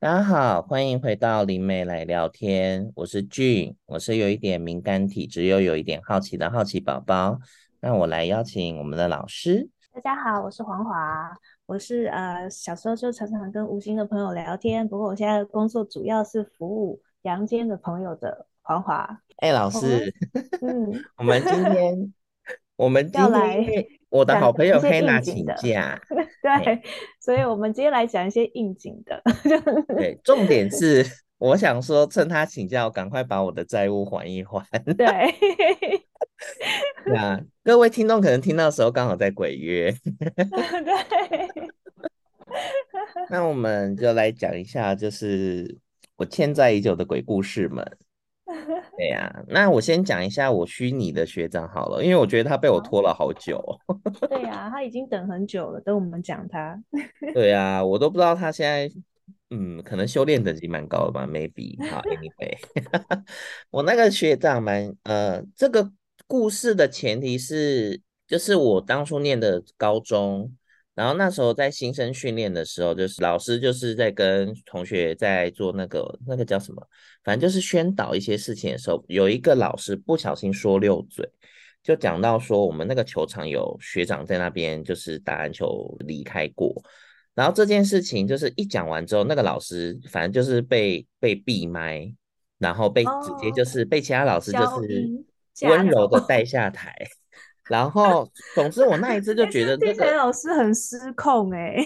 大、啊、家好，歡迎回到靈媒來聊天。我是 Gin，我是有一點敏感體質又有，有一點好奇的好奇寶寶。那我來邀請我們的老師。大家好，我是煌華，我是呃小時候就常常跟無形的朋友聊天，不過我現在的工作主要是服務陽間的朋友的煌華。哎，老師，嗯， 我們今天， 我們今天。我的好朋友黑娜請假，對，所以，我們今天來講一些應景的。 對，重點是，我想說，趁他請假，我趕快把我的債務還一還 對，那、 啊、各位聽眾可能聽到的時候，剛好在鬼月。 對。 那我們就來講一下，就是我欠債已久的鬼故事們。 對呀、啊，那我先講一下我虛擬的學長好了，因為我覺得他被我拖了好久。 對呀、啊，他已經等很久了，等我們講他。 對呀、啊，我都不知道他現在，嗯，可能修煉等級蠻高的吧，maybe 好。好，Anyway， 我那個學長蠻，呃，這個故事的前提是，就是我當初念的高中。然後那時候在新生訓練的時候，就是老師就是在跟同學在做那個那個叫什麼，反正就是宣導一些事情的時候，有一個老師不小心說溜嘴，就講到說我們那個球場有學長在那邊就是打籃球離開過，然後這件事情就是一講完之後，那個老師反正就是被被閉麥，然後被直接就是被其他老師就是溫柔的帶下台。哦。 然後，總之，我那一次就覺得這個老師很失控哎，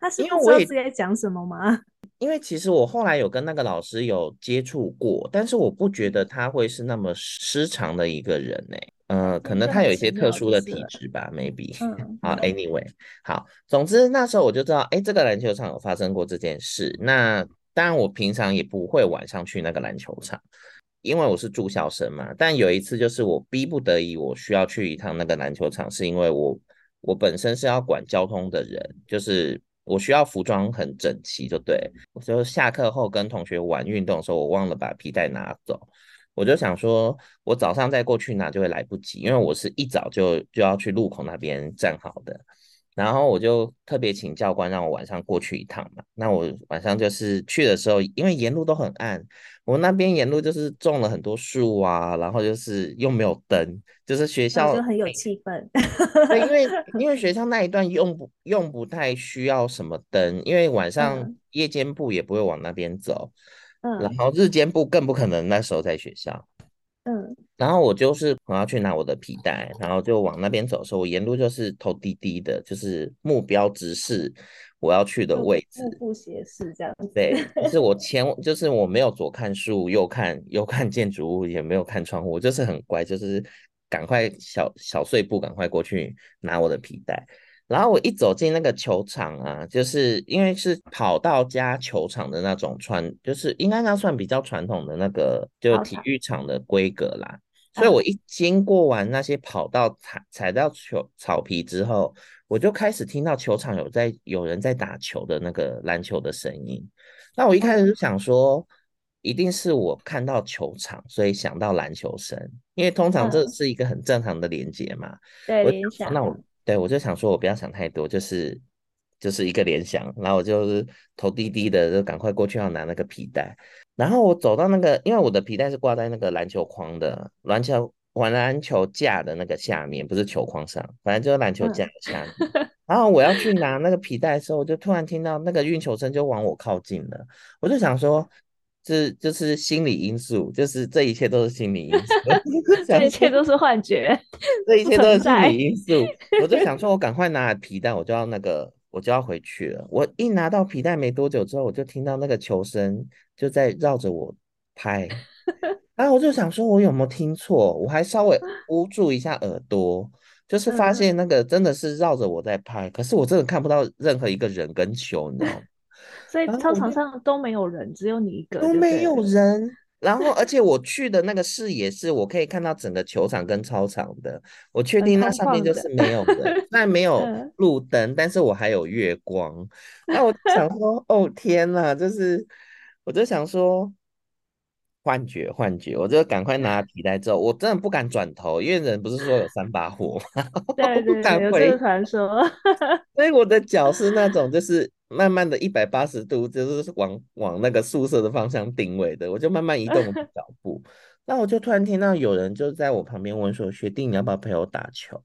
他是因為我也在講什麼嗎？因為其實我後來有跟那個老師有接觸過，但是我不覺得他會是那麼失常的一個人哎，呃，可能他有一些特殊的體質吧，maybe。好，anyway，好，總之那時候我就知道，哎，這個籃球場有發生過這件事。那當然，我平常也不會晚上去那個籃球場。因為我是住校生嘛，但有一次就是我逼不得已，我需要去一趟那個籃球場，是因為我我本身是要管交通的人，就是我需要服裝很整齊，就對，我就下課後跟同學玩運動的時候，我忘了把皮帶拿走，我就想說我早上再過去拿就會來不及，因為我是一早就就要去路口那邊站好的，然後我就特別請教官讓我晚上過去一趟嘛，那我晚上就是去的時候，因為沿路都很暗。我那邊沿路就是種了很多樹啊，然後就是又沒有燈，就是學校就很有氣氛。 對，因為因為學校那一段用不用不太需要什麼燈，因為晚上夜間部也不會往那邊走，嗯，然後日間部更不可能那時候在學校，嗯，然後我就是我要去拿我的皮帶，然後就往那邊走的時候，我沿路就是頭低低的，就是目標直視。我要去的位置，目不斜視，這樣子。對，但是我前，就是我沒有左看樹， 右看，右看建築物，也沒有看窗戶，我就是很乖，就是趕快小小碎步，趕快過去拿我的皮帶。然後我一走進那個球場啊，就是因為是跑道加球場的那種穿，就是應該要算比較傳統的那個就體育場的規格啦、啊。所以我一經過完那些跑道踩踩到球草皮之後，我就開始聽到球場有在有人在打球的那個籃球的聲音，那我一開始就想說，一定是我看到球場，所以想到籃球聲，因為通常這是一個很正常的聯結嘛，嗯。對，聯想，嗯。那我對我就想說，我不要想太多，就是就是一個聯想，然後我就是頭低低的，就趕快過去要拿那個皮帶，然後我走到那個，因為我的皮帶是掛在那個籃球框的籃球。玩籃球架的那個下面，不是球框上，反正就是籃球架的下面。嗯、 然後我要去拿那個皮帶的時候，我就突然聽到那個運球聲就往我靠近了，我就想說，這就是心理因素，就是這一切都是心理因素， 這一切都是幻覺，這一切都是心理因素。我就想說，我趕快拿了皮帶，我就要那個，我就要回去了。我一拿到皮帶沒多久之後，我就聽到那個球聲就在繞着我拍。 然後、啊、我就想說，我有沒有聽錯？我還稍微捂住一下耳朵、嗯，就是發現那個真的是繞着我在拍、嗯，可是我真的看不到任何一個人跟球，你知道嗎？所以操場上都沒有人，啊、有只有你一個都沒有人。然後，而且我去的那個視野是我可以看到整個球場跟操場的，我確定那上面就是沒有人，那沒有路燈、嗯，但是我還有月光。那我想說，哦天吶，就是我就想說。哦幻覺，幻覺！我就趕快拿皮帶，之後我真的不敢轉頭，因為人不是說有三把火嘛，我 不敢回。所以我的腳是那種，就是慢慢的一百八十度，就是往 往那個宿舍的方向定位的，我就慢慢移動我的腳步。 那我就突然聽到有人就在我旁邊問說：“學弟，你要不要陪我打球？”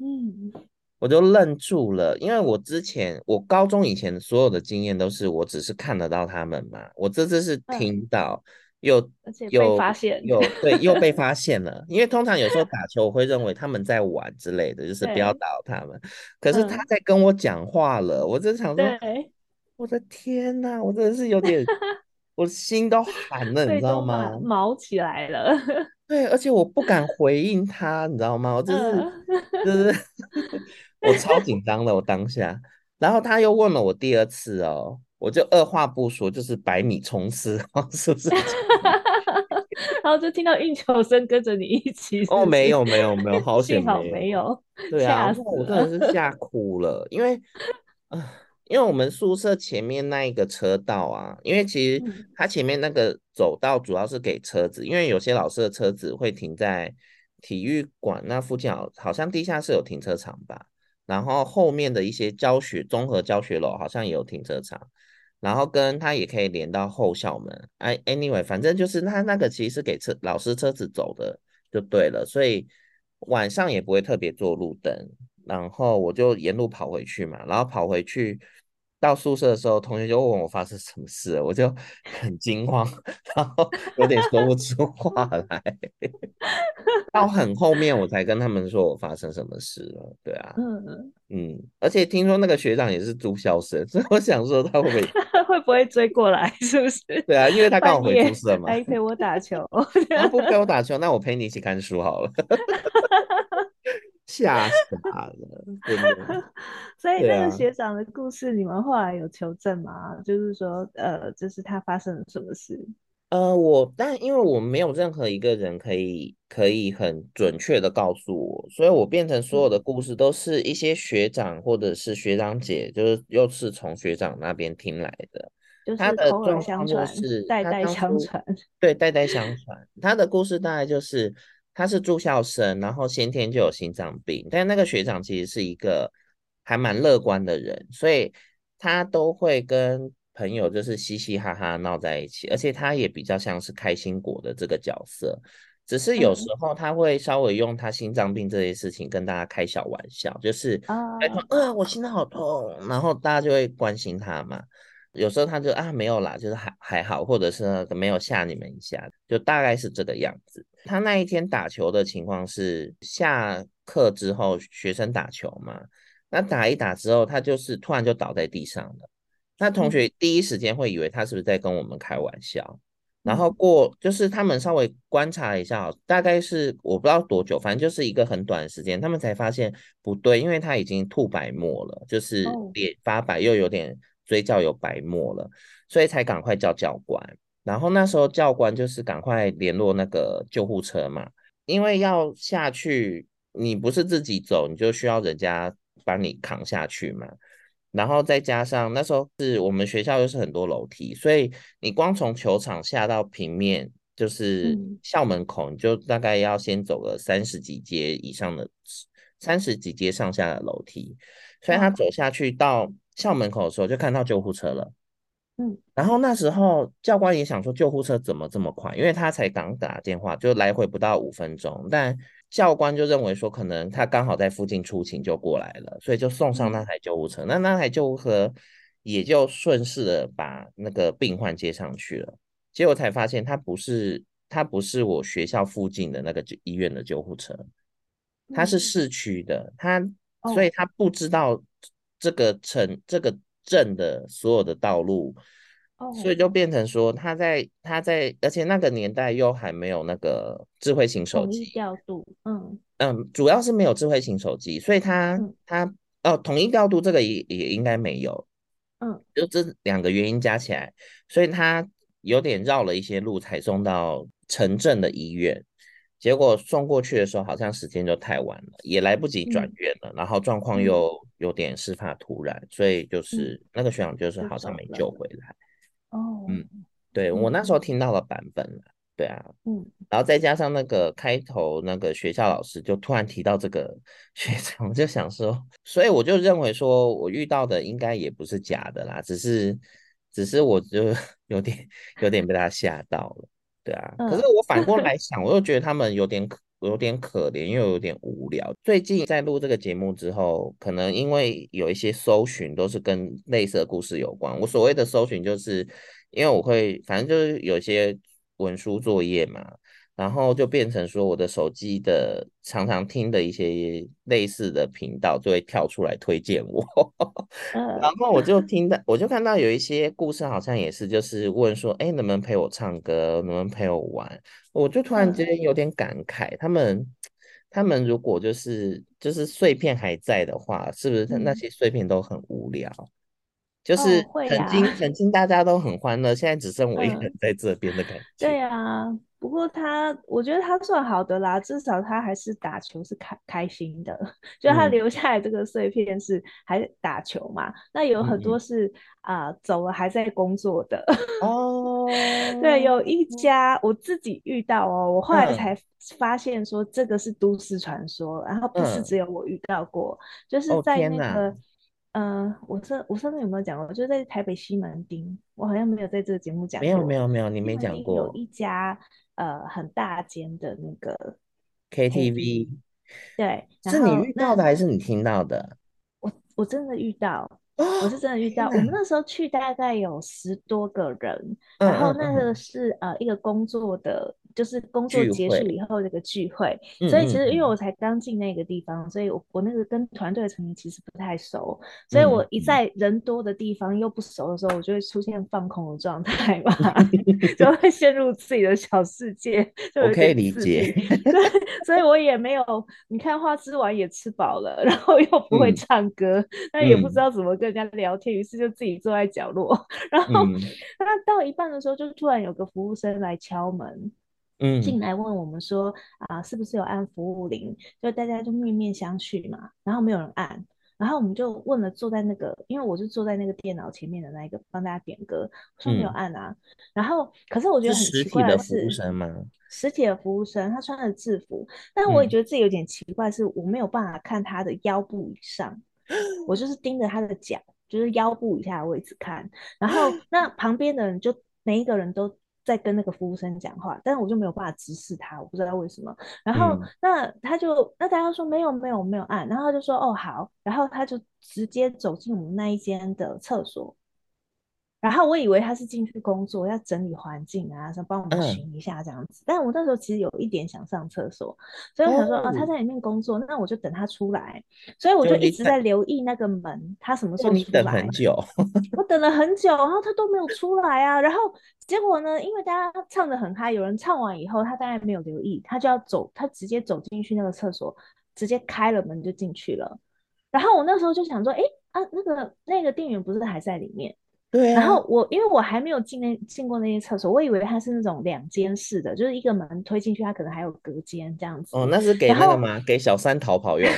嗯，我就愣住了，因為我之前我高中以前所有的經驗都是，我只是看得到他們嘛，我這次是聽到。哦有，而且被發現，有，有對，又被發現了。 因為通常有時候打球，我會認為他們在玩之類的，就是不要打擾他們。可是他在跟我講話了，嗯、我就想說，我的天哪，啊，我真的是有點， 我心都寒了， 你知道嗎？毛起來了。對，而且我不敢回應他，你知道嗎？我真是，就是， 就是、 我超緊張的，我當下。然後他又問了我第二次哦，我就二話不說，就是百米衝刺， 是不是？哈哈哈哈，然後就聽到運球聲跟着你一起是是。哦，沒有沒有沒有，沒有，幸好沒有。對啊，我真的是嚇哭了，因為啊、呃，因為我們宿舍前面那一個車道啊，因為其實它前面那個走道主要是給車子，嗯、因為有些老師的車子會停在體育館那附近，好好像地下室有停車場吧。然後後面的一些教學綜合教學樓好像也有停車場。然後跟他也可以連到後校門。哎，anyway，反正就是他那個其實是給車老師車子走的就對了，所以晚上也不會特別做路燈。然後我就沿路跑回去嘛，然後跑回去。到宿舍的時候，同學就問我發生什麼事了，我就很驚慌，然後有點說不出話來。 到很後面，我才跟他們說我發生什麼事了。對啊，嗯嗯而且聽說那個學長也是住校生，所以我想說他會不會， 會不會追過來，是不是？對啊，因為他剛好回宿舍嘛，來陪我打球。 他不陪我打球，那我陪你一起看書好了。 嚇傻了， 所以那個學長的故事，你們後來有求證嗎、啊？就是說，呃，就是他發生了什麼事？呃，我但因為我們沒有任何一個人可以可以很準確的告訴我，所以我變成所有的故事都是一些學長或者是學長姐，就是又、就是從學長那邊聽來的，就是口他的耳相傳，代代相傳，對，代代相傳。 他的故事大概就是。他是住校生，然後先天就有心臟病，但那個學長其實是一個還蠻樂觀的人，所以他都會跟朋友就是嘻嘻哈哈鬧在一起，而且他也比較像是開心果的這個角色，只是有時候他會稍微用他心臟病這些事情跟大家開小玩笑，就是、uh, 哎、啊，我心臟好痛，然後大家就會關心他嘛。有時候他就啊，沒有啦，就是還還好，或者是沒有嚇你們一下，就大概是這個樣子。他那一天打球的情況是下課之後學生打球嘛，那打一打之後，他就是突然就倒在地上了。那同學第一時間會以為他是不是在跟我們開玩笑，嗯、然後過就是他們稍微觀察一下，大概是我不知道多久，反正就是一個很短的時間，他們才發現不對，因為他已經吐白沫了，就是臉發白又有點。嘴角有白沫了，所以才趕快叫教官。然後那時候教官就是趕快聯絡那個救護車嘛，因為要下去，你不是自己走，你就需要人家幫你扛下去嘛。然後再加上那時候是我們學校又是很多樓梯，所以你光從球場下到平面，就是校門口，你就大概要先走了三十幾階以上的，三十幾階上下的樓梯。所以他走下去到。校門口的時候就看到救護車了，嗯，然後那時候教官也想說救護車怎麼這麼快，因為他才剛打電話，就來回不到五分鐘。但教官就認為說，可能他剛好在附近出勤就過來了，所以就送上那台救護車，嗯。那那台救護車也就順勢的把那個病患接上去了。結果才發現，他不是，他不是我學校附近的那個醫院的救護車，他是市區的，他、嗯、所以他不知道。這個城這個鎮的所有的道路，oh. 所以就變成說他在他在，而且那個年代又還沒有那個智慧型手機調度，嗯嗯，主要是沒有智慧型手機，所以他、嗯、他哦統一調度這個也也應該沒有，嗯，就這兩個原因加起來，所以他有點繞了一些路才送到城鎮的醫院。結果送過去的時候，好像時間就太晚了，也來不及轉院了、嗯。然後狀況又、嗯、有點事發突然，所以就是、嗯、那個學長就是好像沒救回來。嗯、哦，嗯，對，我那時候聽到了版本了。對啊，嗯，然後再加上那個開頭那個學校老師就突然提到這個學長，我就想說，所以我就認為說我遇到的應該也不是假的啦，只是只是我就有點有點被他嚇到了。對啊，可是我反過來想，我又覺得他們有點可有點可憐，又有點無聊。最近在錄這個節目之後，可能因為有一些搜尋都是跟類似的故事有關。我所謂的搜尋，就是因為我會，反正就是有些文書作業嘛。然後就變成說，我的手機的常常聽的一些類似的頻道就會跳出來推薦我、嗯。 然後我就聽到，我就看到有一些故事，好像也是，就是問說，哎，能不能陪我唱歌？能不能陪我玩？我就突然之間有點感慨、嗯，他們，他們如果就是就是碎片還在的話，是不是那些碎片都很無聊？嗯、就是曾經、哦、會啊、曾經大家都很歡樂，現在只剩我一個人在這邊的感覺。嗯、對呀、啊。不過他，我覺得他算好的啦，至少他還是打球是開開心的，就他留下來這個碎片是還打球嘛。嗯、那有很多是啊、嗯呃、走了還在工作的。哦， 對，有一家我自己遇到哦，我後來才發現說這個是都市傳說，嗯、然後不是只有我遇到過、嗯，就是在那個。哦嗯、呃，我這，我上次有沒有講過？我就在台北西門町，我好像沒有在這個節目講過。沒有沒有沒有，你沒講過。有一家呃很大間的那個 KTV，KTV 對，是你遇到的還是你聽到的？我我真的遇到。哦，我是真的遇到。我們那時候去大概有十多個人，嗯嗯嗯嗯，然後那個是呃一個工作的。就是工作結束以後那個聚會、聚會，所以其實因為我才剛進那個地方，嗯、所以我我那個跟團隊的成員其實不太熟，嗯、所以我一在人多的地方、嗯、又不熟的時候，我就會出現放空的狀態吧， 就會陷入自己的小世界，OK，理解。對，所以我也沒有，你看，花枝丸也吃飽了，然後又不會唱歌，那、嗯、也不知道怎麼跟人家聊天，於、嗯、是就自己坐在角落，然後那、嗯、到一半的時候，就突然有個服務生來敲門。嗯，進來問我們說啊、呃，是不是有按服務鈴？就大家就面面相覷嘛，然後沒有人按，然後我們就問了坐在那個，因為我是坐在那個電腦前面的那一個，幫大家點歌，我說沒有按啊、嗯。然後，可是我覺得很奇怪的是，是實體的服務生嗎？實體的服務生他穿着制服，但是我也覺得自己有點奇怪，是我沒有辦法看他的腰部以上，嗯、我就是盯着他的腳，就是腰部以下的位置看。然後那旁邊的人就每一個人都。在跟那個服務生講話，但是我就沒有辦法直視他，我不知道為什麼。然後，嗯，那他就那大家就說沒有沒有沒有按，然後他就說哦，好，然後他就直接走進我們那一間的廁所。然後我以為他是進去工作，要整理環境啊，想幫我們巡一下這樣子，嗯。但我那時候其實有一點想上廁所，所以我想說，哦、啊，他在裡面工作，那我就等他出來。所以我就一直在留意那個門，他什麼時候出來？你等很久，我等了很久，然後他都沒有出來啊。然後結果呢，因為大家唱的很嗨，有人唱完以後，他當然沒有留意，他就要走，他直接走進去那個廁所，直接開了門就進去了。然後我那時候就想說，哎啊，那個那個店員不是還在裡面？對啊，然後我因為我還沒有進那進過那些廁所，我以為它是那種兩間式的，就是一個門推進去，它可能還有隔間這樣子。哦，那是給那個嘛？給小三逃跑用。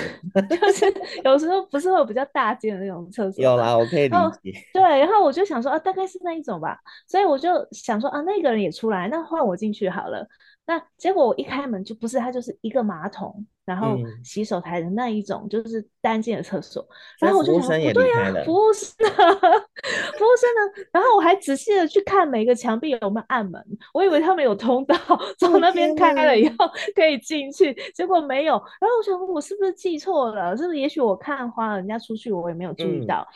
就是有時候不是會有比較大間的那種廁所？有啦，我可以理解。對，然後我就想說啊，大概是那一種吧，所以我就想說啊，那個人也出來，那換我進去好了。那結果我一開門就不是，他就是一個馬桶，然後洗手台的那一種就是單間的廁所，嗯。然後我就想不，哦，對呀，啊，服務生呢？服務生呢？然後我還仔細的去看每個牆壁有沒有暗門，我以為他們有通道，從那邊開了以後可以進去，啊。結果沒有。然後我想我是不是記錯了？是不是也許我看花了？人家出去我也沒有注意到，嗯。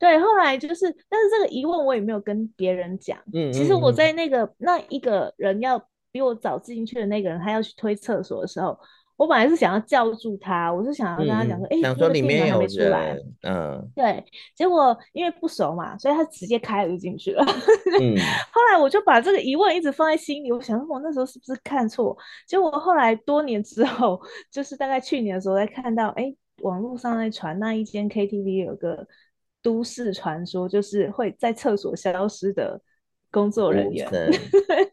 對，後來就是，但是這個疑問我也沒有跟別人講，嗯嗯嗯。其實我在那個那一個人要。比我早進去的那個人，他要去推廁所的時候，我本來是想要叫住他，我是想要跟他講說，哎、嗯，欸、裡面的還沒出來，嗯，對。結果因為不熟嘛，所以他直接開了就進去了、 嗯。後來我就把這個疑問一直放在心裡，我想說我那時候是不是看錯？結果後來多年之後，就是大概去年的時候，才看到，哎、欸，網絡上在傳那一間 KTV 有個都市傳說，就是會在廁所消失的。工作人員，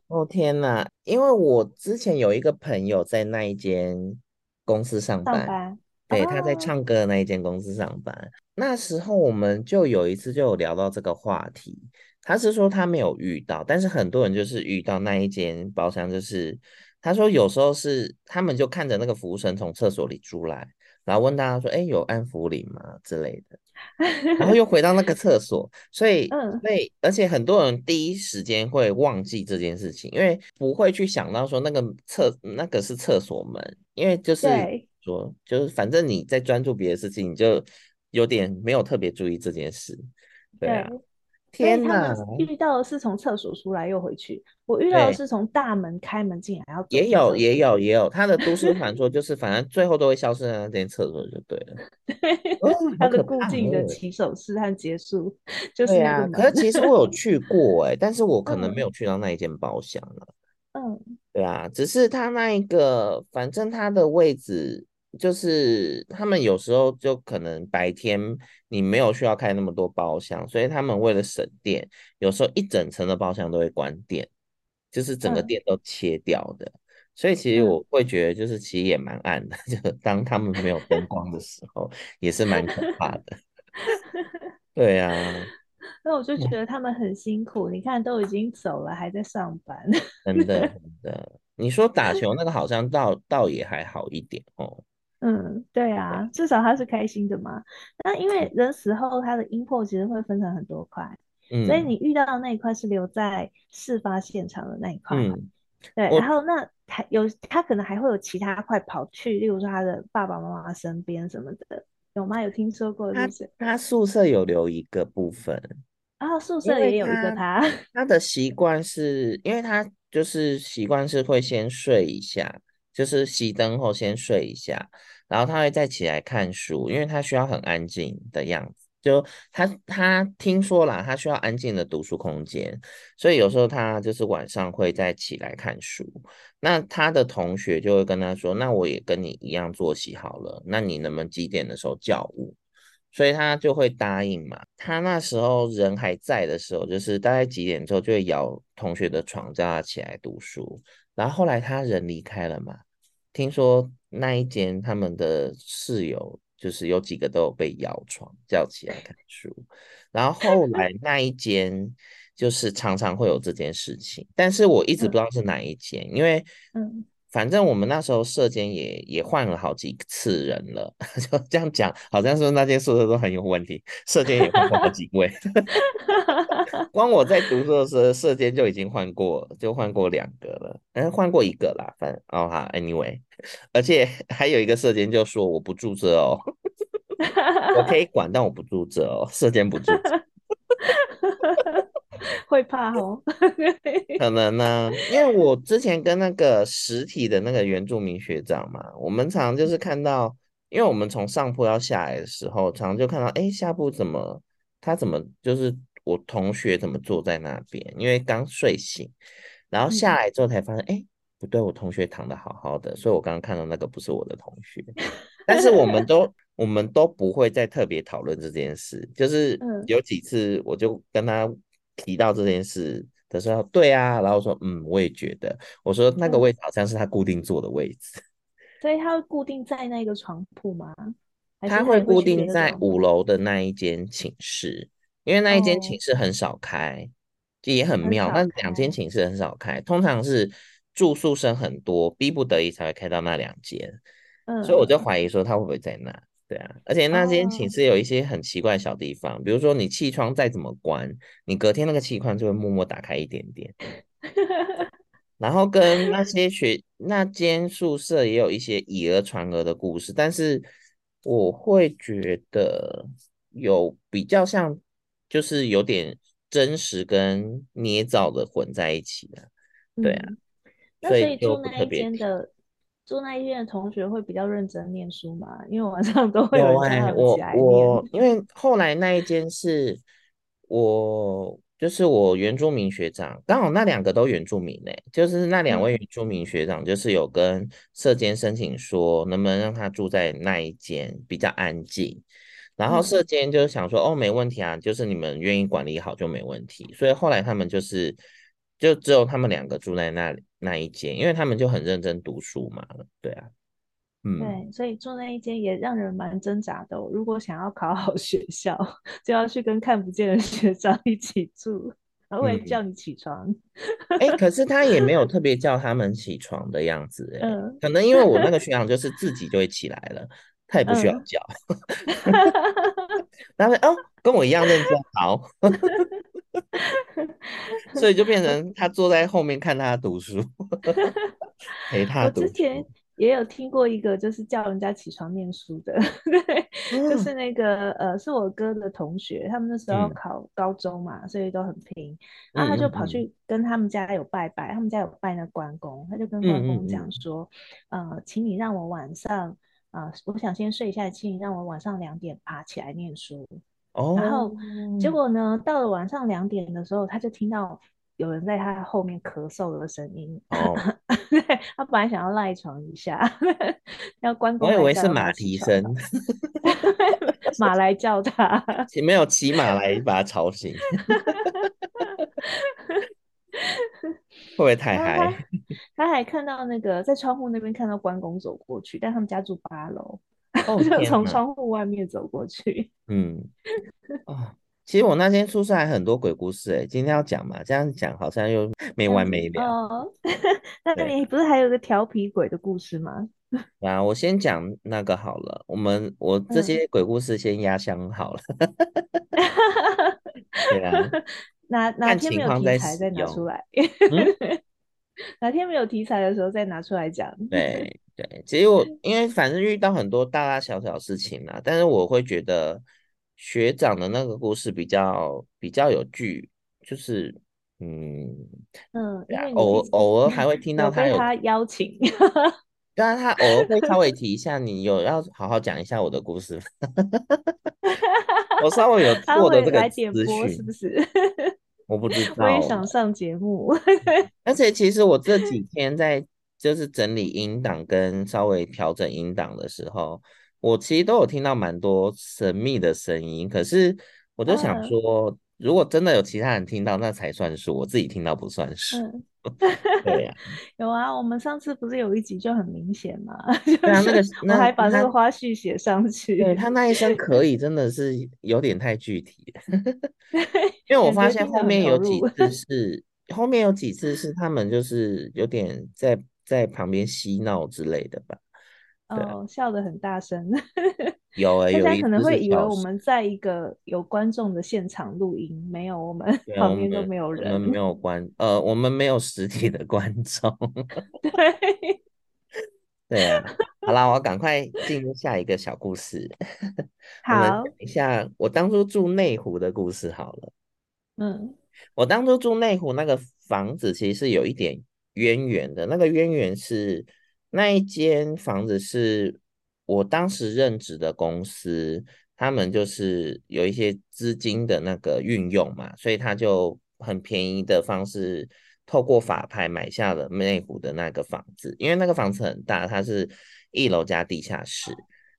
哦，天哪！ 因為我之前有一個朋友在那一間公司上班，上班，對，他在唱歌的那一間公司上班。哦。那時候我們就有一次就有聊到這個話題，他是說他沒有遇到，但是很多人就是遇到那一間包廂，就是他說有時候是他們就看着那個服務生從廁所裡出來。然後問大家說：“哎，有安撫林嗎？”之類的， 然後又回到那個廁所，所以、嗯，所以，而且很多人第一時間會忘記這件事情，因為不會去想到說那個廁那個是廁所門，因為就是說，就是反正你在專注別的事情，你就有點沒有特別注意這件事，對啊。對天吶！遇到的是從廁所出來又回去，我遇到的是從大門開門進來，然後也有也有也有，他的都市傳說就是反正最後都會消失在那間廁所就對了。對、 哦， 他的固定的起手式和結束就是。對啊，可是其實我有去過誒、欸，但是我可能沒有去到那一間包廂了。嗯，對啊，只是他那一個，反正他的位置。就是他們有時候就可能白天你沒有需要開那麼多包廂，所以他們為了省電，有時候一整層的包廂都會關電，就是整個店都切掉的，嗯。所以其實我會覺得，就是其實也蠻暗的。嗯、 就當他們沒有燈光、光的時候， 也是蠻可怕的。 對啊。那我就覺得他們很辛苦。嗯、你看都已經走了，還在上班。 真的真的。你說打球那個好像倒倒也還好一點哦。嗯，對啊，至少他是開心的嘛。那因為人死後，他的陰魄其實會分成很多塊，嗯、所以你遇到的那一塊是留在事發現場的那一塊。嗯、對。然後那他有他可能還會有其他塊跑去，例如說他的爸爸媽媽身邊什麼的。有嗎？有聽說過？他他宿舍有留一個部分然後、啊、宿舍也有一個他。他，他的習慣是因為他就是習慣是會先睡一下。就是熄燈後先睡一下，然後他會再起來看書，因為他需要很安靜的樣子。就他他聽說了，他需要安靜的讀書空間，所以有時候他就是晚上會再起來看書。那他的同學就會跟他說：“那我也跟你一樣作息好了，那你能不能幾點的時候叫我？”所以他就會答應嘛。他那時候人還在的時候，就是大概幾點之後，就會搖同學的床，叫他起來讀書。然後後來他人離開了嘛。聽說那一間他們的室友就是有幾個都有被搖床叫起來看書，然後後來那一間就是常常會有這件事情，但是我一直不知道是哪一間，因為嗯。反正我們那時候舍監也也換了好幾次人了，就這樣講，好像是那間宿舍都很有問題，舍監也換了好幾位。 光我在讀書的時候，舍監就已經換過，就換過兩個了，哎、呃，換過一個啦，反正哦哈、oh,，anyway，而且還有一個舍監就說我不住這哦， 我可以管，但我不住這哦，舍監不住這。 會怕哦，可能呢，因為我之前跟那個實體的那個原住民學長嘛，我們常常就是看到，因為我們從上鋪要下來的時候，常常就看到，哎，下鋪怎麼他怎麼就是我同學怎麼坐在那邊，因為剛睡醒，然後下來之後才發現，哎、嗯，不對，我同學躺得好好的，所以我剛剛看到那個不是我的同學，但是我們都 我們都不會再特別討論這件事，就是有幾次我就跟他。提到這件事的時候，對啊，然後說，嗯，我也覺得，我說那個位置好像是他固定坐的位置，所以他會固定在那個床鋪嗎？他會固定在五樓的那一間寢室，因為那一間寢室很少開，哦、也很妙，那兩間寢室很少開，通常是住宿生很多，逼不得已才會開到那兩間，嗯、所以我就懷疑說他會不會在那？對啊，而且那間寢室有一些很奇怪的小地方，哦，比如說你氣窗再怎麼關，你隔天那個氣窗就會默默打開一點點。 然後跟那些學那間宿舍也有一些以訛傳訛的故事，但是我會覺得有比較像，就是有點真實跟捏造的混在一起的。嗯、對啊，所以就不特別。那所以住那一間的。住那一間的同學會比較認真念書嘛？因為我晚上都會有、欸、我我因為後來那一間是我，就是我原住民學長，剛好那兩個都原住民誒、欸，就是那兩位原住民學長，就是有跟舍監申請說，能不能讓他住在那一間比較安靜。然後舍監就是想說，哦，沒問題啊，就是你們願意管理好就沒問題。所以後來他們就是。就只有他們兩個住在那裡那一間，因為他們就很認真讀書嘛，對啊，嗯，對，所以住那一間也讓人蠻掙扎的、哦。如果想要考好學校，就要去跟看不見的學長一起住，他會叫你起床、嗯 欸。可是他也沒有特別叫他們起床的樣子、嗯，可能因為我那個學長就是自己就會起來了，他也不需要叫。 嗯、 然後哦，跟我一樣認真，好。 所以就變成他坐在後面看他讀書， 陪他讀書。我之前也有聽過一個，就是叫人家起床念書的，對，嗯、就是那個呃，是我哥的同學，他們那時候考高中嘛，嗯、所以都很拼。然後他就跑去跟他們家有拜拜，嗯嗯，他們家有拜那關公，他就跟關公講說，嗯嗯嗯，呃，請你讓我晚上啊、呃，我想先睡一下，請你讓我晚上兩點爬起來念書。Oh. 然後，結果呢，到了晚上兩點的時候，他就聽到有人在他後面咳嗽的聲音。oh. 他本來想要賴床一下，要 關公。我以為是馬蹄聲， 馬來叫他。 沒有騎馬來把他吵醒， 會不會太嗨？他還看到那個在窗戶那邊看到關公走過去，但他們家住八樓。我就從窗戶外面走過去。哦。嗯啊、哦，其實我那天宿舍還很多鬼故事哎、欸，今天要講嘛，這樣講好像又沒完沒了。嗯哦、那那你不是還有個調皮鬼的故事嗎？啊，我先講那個好了。我們我這些鬼故事先壓箱好了。嗯、 對啊，那看情況再再拿出來。哪天沒有題材的時候再拿出來講。對對，其實我因為反正遇到很多大大小小事情嘛，但是我會覺得學長的那個故事比較比較有趣，就是嗯嗯，嗯偶偶爾還會聽到他有，有他邀請，當 然他偶爾會稍微提一下，你有要好好講一下我的故事。 我稍微有過的這個資訊，是不是？我不知道，我也想上節目。 而且其實我這幾天在就是整理音檔跟稍微調整音檔的時候，我其實都有聽到蠻多神秘的聲音。可是我就想說，嗯、如果真的有其他人聽到，那才算數；我自己聽到不算數。嗯 對呀、啊，有啊，我們上次不是有一集就很明顯嘛？就是、啊、那個，那 我還把那個花絮寫上去。 對，他那一聲可以真的是有點太具體了， 因為我發現後面有幾次是， 嗯、後面有幾次是 後面有幾次是他們就是有點在在旁邊嬉鬧之類的吧。哦，oh, 笑得很大聲， 有哎、欸，大家可能會以為我們在一個有觀眾的現場錄音， 沒有，我們旁邊都沒有人，沒有觀，呃，我們沒有實體的觀眾， 對，對啊，好啦，我趕快進入下一個小故事， 好，等一下我當初住內湖的故事好了，嗯，我當初住內湖那個房子其實是有一點淵源的，那個淵源是。那一間房子是我當時任職的公司，他們就是有一些資金的那個運用嘛，所以他就很便宜的方式，透過法拍買下了內湖的那個房子。因為那個房子很大，它是一樓加地下室，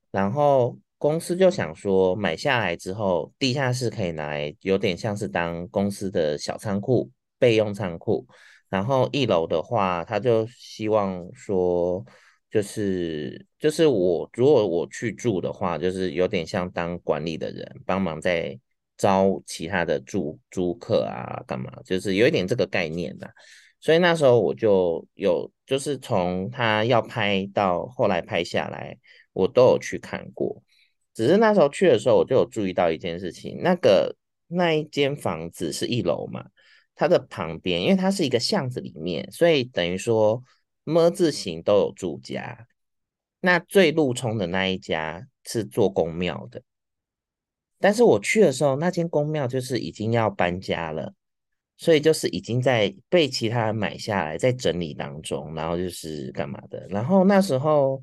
然後公司就想說買下來之後，地下室可以拿來，有點像是當公司的小倉庫、備用倉庫。然後一樓的話，他就希望說，就是，就是就是我如果我去住的話，就是有點像當管理的人，幫忙在招其他的住租客啊、幹嘛，就是有一點這個概念的啊。所以那時候我就有，就是從他要拍到後來拍下來，我都有去看過。只是那時候去的時候，我就有注意到一件事情，那個那一間房子是一樓嘛。它的旁邊，因為它是一個巷子裡面，所以等於說“麼”字形都有住家。那最路衝的那一家是做公廟的，但是我去的時候，那間公廟就是已經要搬家了，所以就是已經在被其他人買下來，在整理當中，然後就是幹嘛的。然後那時候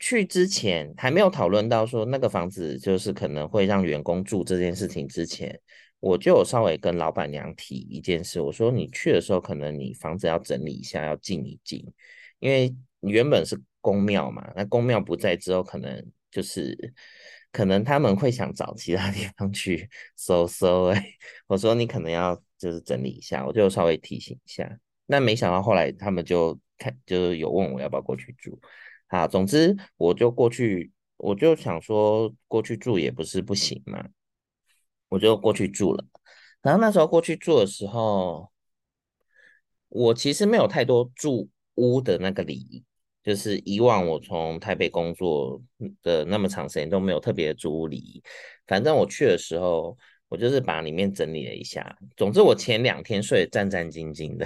去之前還沒有討論到說那個房子就是可能會讓員工住這件事情之前。我就有稍微跟老闆娘提一件事，我說，你去的時候，可能你房子要整理一下，要靜一靜，因為原本是公廟嘛，那公廟不在之後，可能就是可能他們會想找其他地方去搜搜。哎，我說你可能要就是整理一下，我就稍微提醒一下。那沒想到後來他們就看就是有問我要不要過去住，好，總之我就過去，我就想說過去住也不是不行嘛。嗯我就過去住了，然後那時候過去住的時候，我其實沒有太多住屋的那個禮儀，就是以往我從台北工作的那麼長時間都沒有特別的住屋禮儀。反正我去的時候，我就是把裡面整理了一下。總之，我前兩天睡得戰戰兢兢的，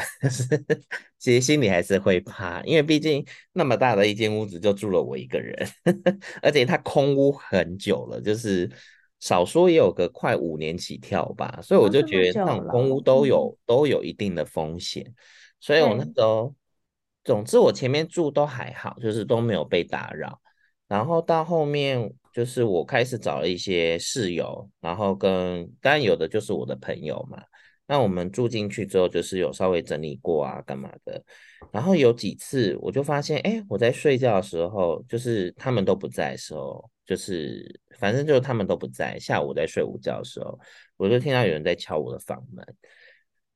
其實心裡還是會怕，因為畢竟那麼大的一間屋子就住了我一個人，而且它空屋很久了，就是。少說也有個快五年起跳吧，所以我就覺得那種公屋都有、啊嗯、都有一定的風險，所以我那時候、嗯，總之我前面住都還好，就是都沒有被打擾，然後到後面就是我開始找了一些室友，然後跟當然有的就是我的朋友嘛。那我們住進去之後，就是有稍微整理過啊，幹嘛的。然後有幾次，我就發現，哎、欸，我在睡覺的時候，就是他們都不在的時候，就是反正就是他們都不在。下午在睡午覺的時候，我就聽到有人在敲我的房門。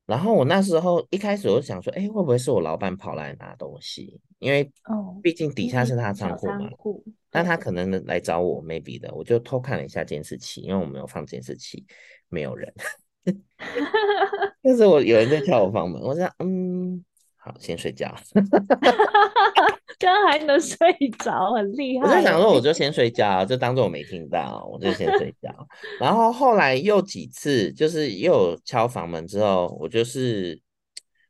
然後我那時候一開始我就想說，哎、欸，會不會是我老板跑來拿東西？因為畢竟底下是他的倉庫嘛，那、哦、他可能來找我 maybe 的。我就偷看了一下監視器，因為我沒有放監視器，沒有人。就 是我有人在敲我房門，我就想嗯好，先睡覺。哈哈哈哈哈，這樣還能睡着，很厲害。我就想說，我就先睡覺，就當做我沒聽到，我就先睡覺。 然後後來又幾次，就是又敲房門之後，我就是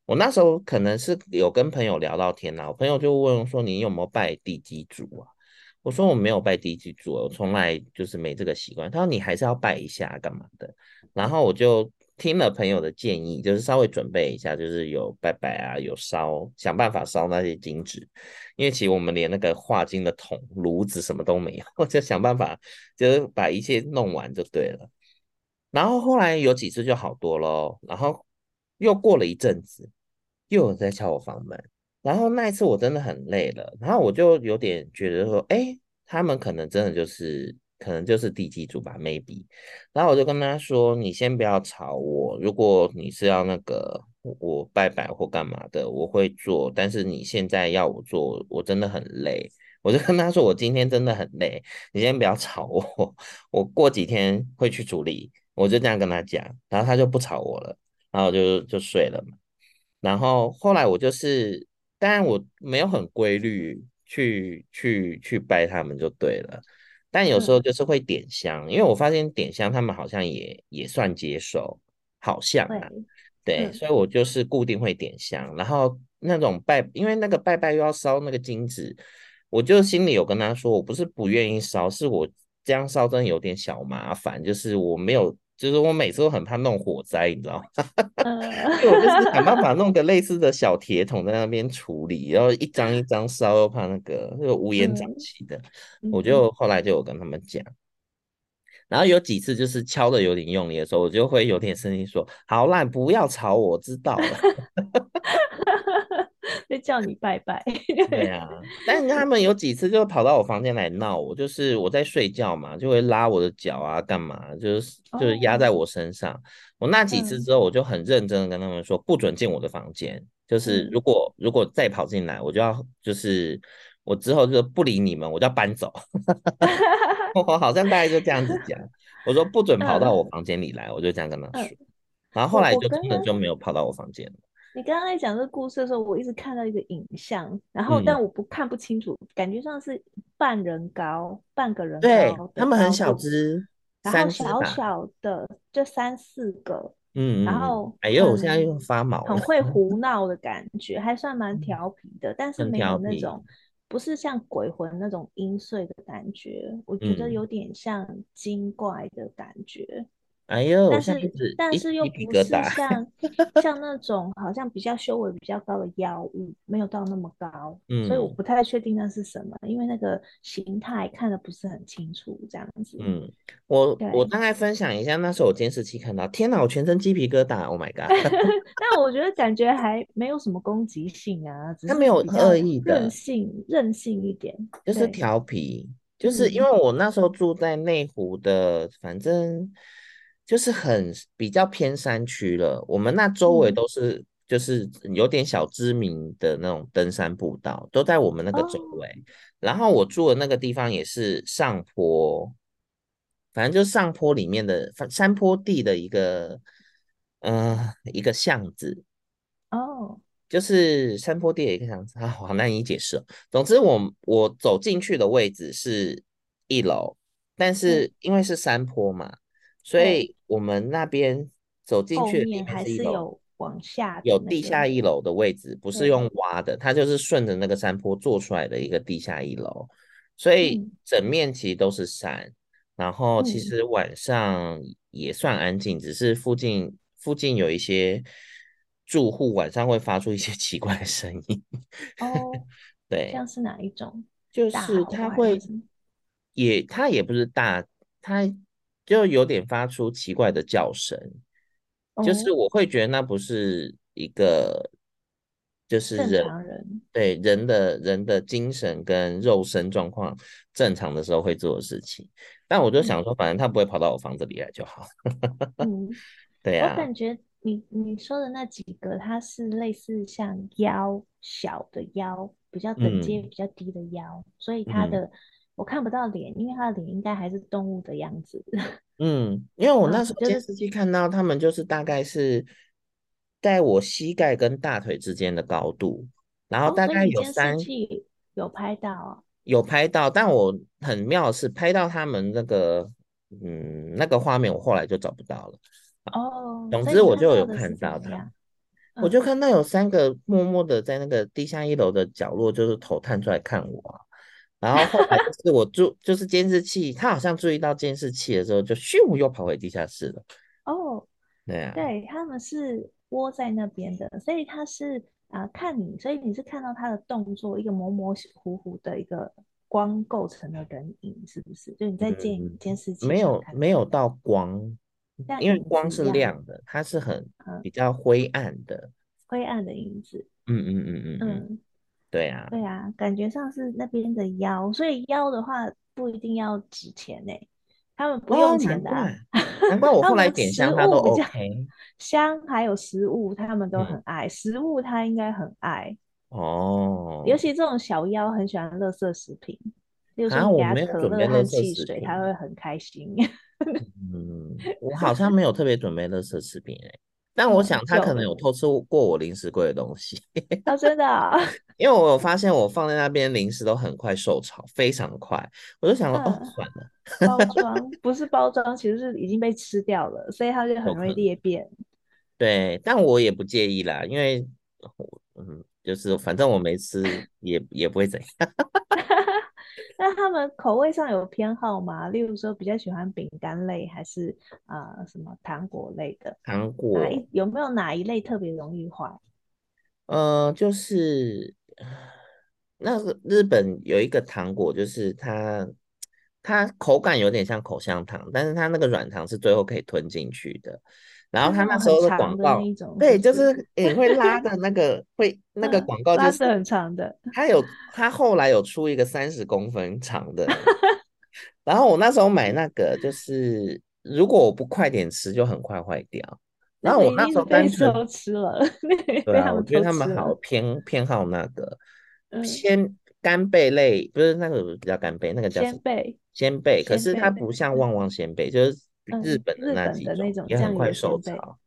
我那時候可能是有跟朋友聊到天吶、啊，我朋友就問說你有沒有拜地基主啊？我說我沒有拜地基主，我從來就是沒這個習慣。他說你還是要拜一下，幹嘛的？然後我就。聽了朋友的建議，就是稍微準備一下，就是有拜拜啊，有燒，想辦法燒那些金紙，因為其實我們連那個化金的桶、爐子什麼都沒有，我就想辦法，就是把一切弄完就對了。然後後來有幾次就好多咯，然後又過了一陣子，又有在敲我房門。然後那一次我真的很累了，然後我就有點覺得說，哎，他們可能真的就是。可能就是地基主吧，maybe。然後我就跟他說：“你先不要吵我。如果你是要那個我，我拜拜或幹嘛的，我會做。但是你現在要我做，我真的很累。”我就跟他說：“我今天真的很累，你先不要吵我。我過幾天會去處理。”我就這樣跟他講，然後他就不吵我了，然後就就睡了嘛。然後後來我就是，當然我沒有很規律去去去拜他們就對了。但有時候就是會點香、嗯，因為我發現點香他們好像也也算接受，好像啊，嗯、對、嗯，所以我就是固定會點香，然後那種拜，因為那個拜拜又要燒那個金紙，我就心裡有跟他說，我不是不願意燒，是我這樣燒真的有點小麻煩，就是我沒有。就是我每次都很怕弄火災，你知道，因 為、uh, 我就是想辦法弄個類似的小鐵桶在那邊處理， 然後一張一張燒，又怕那個那個烏煙瘴氣的，mm -hmm. 我就後來就有跟他們講，然後有幾次就是敲得有點用力的時候，我就會有點聲音說：“好啦，不要吵我，我知道了。 ”叫你拜拜 對、啊。對，但是他們有幾次就跑到我房間來鬧我，就是我在睡覺嘛，就會拉我的腳啊，幹嘛，就是就是壓在我身上。我那幾次之後，我就很認真的跟他們說，不准進我的房間。就是如果、嗯、如果再跑進來，我就要就是我之後就不理你們，我就要搬走。 我好像大概就這樣子講，我說不准跑到我房間裡來，我就這樣跟他說。然後後來就真的就沒有跑到我房間。你剛剛在講這個故事的時候，我一直看到一個影像，然後、嗯、但我不看不清楚，感覺像是半人高、半個人高度，對，他們很小隻，只，然後小小的，就三四個，嗯，然後哎呦、嗯，我現在又發毛，很會胡鬧的感覺，還算蠻調皮的，但是沒有那種、嗯、不是像鬼魂那種陰碎的感覺，我覺得有點像精怪的感覺。嗯哎呦，但是，是但是又不是像一像那種好像比較修為比較高的妖物， 沒有到那麼高、嗯，所以我不太確定那是什麼，因為那個形態看的不是很清楚，這樣子。嗯，我我，我大概分享一下，那時候我監視器看到，天吶，我全身雞皮疙瘩，Oh my god！ 但我覺得感覺還沒有什麼攻擊性啊，性它沒有惡意的，任性任性一點，就是調皮，就是因為我那時候住在內湖的，嗯、反正。就是很比較偏山區了，我們那周圍都是就是有點小知名的那種登山步道，都在我們那個周圍。哦。然後我住的那個地方也是上坡，反正就是上坡裡面的山坡地的一個，嗯、呃，一個巷子。哦，就是山坡地的一個巷子啊，好難以解釋了。總之我，我我走進去的位置是一樓，但是因為是山坡嘛。嗯所以我們那邊走進去裡面是有往下，有地下一樓的位置，不是用挖的，它就是順着那個山坡做出來的一個地下一樓，所以整面其實都是山，然後其實晚上也算安靜，只是附近附近有一些住戶晚上會發出一些奇怪的聲音。對，這樣是哪一種？就是它會，也它也不是大，它。就有點發出奇怪的叫聲，哦，就是我會覺得那不是一個，就是正常人對人的人的精神跟肉身狀況正常的時候會做的事情。但我就想說，反正他不會跑到我房子裡來就好。嗯、 對啊，我感覺你你說的那幾個，他是類似像妖小的妖，比較等級比較低的妖，嗯，所以他的。嗯我看不到臉，因為他的臉應該還是動物的樣子的。嗯，因為我那時候監視器看到他們，就是大概是，在我膝蓋跟大腿之間的高度，然後大概有三，哦、有拍到啊、哦，有拍到。但我很妙是拍到他們那個，嗯，那個畫面，我後來就找不到了。哦，總之我就有看到他、啊嗯，我就看到有三個默默的在那個地下一樓的角落，就是頭探出來看我、啊。 然後後來就是我注，就是監視器，他好像注意到監視器的時候，就咻又跑回地下室了。哦、oh,，對啊，對，他們是窩在那邊的，所以他是啊、呃、看你，所以你是看到他的動作，一個模模糊糊的一個光構成的人影子，是不是？就你在監監視器、嗯，沒有沒有到光，因為光是亮的，它是很比較灰暗的、啊、灰暗的影子。嗯嗯嗯嗯嗯。嗯嗯對啊，對啊，感覺上是那邊的妖，所以妖的話不一定要紙錢呢、欸，他們不用錢的、啊哦難。難怪我後來點香，OK, 他們都 OK。香還有食物，他們都很愛、嗯、食物，他應該很愛哦。尤其這種小妖很喜歡垃圾食品，比如說我們準備可樂、汽水，他會很開心。嗯， 我好像沒有特別準備垃圾食品哎、欸。但我想他可能有偷吃過我零食櫃的東西、 哦。真的、哦？因為我有發現，我放在那邊零食都很快受潮，非常快。我就想說，哦、嗯，算了， 包裝不是包裝，其實是已經被吃掉了，所以它就很容易裂變、哦嗯。對，但我也不介意啦，因為，嗯，就是反正我沒吃， 也也不會怎樣。 那他們口味上有偏好嗎？例如說比較喜歡餅乾類，還是啊、呃、什麼糖果類的？糖果，有沒有哪一類特別容易壞？呃，就是那個日本有一個糖果，就是它它口感有點像口香糖，但是它那個軟糖是最後可以吞進去的。然後他那時候的廣告，嗯、對，就是也會拉的那個， 會那個廣告就是嗯、是很長的。他有他後來有出一個三十公分長的， 然後我那時候買那個，就是如果我不快點吃，就很快壞掉。然後我那時候乾脆都吃了。對啊，我覺得他們好偏偏好那個偏干貝類，不是那個叫干貝，那個叫什麼？仙貝。仙貝，貝，貝，可是它不像旺旺仙貝，仙貝，貝，就是。日本的那幾種也很快受潮、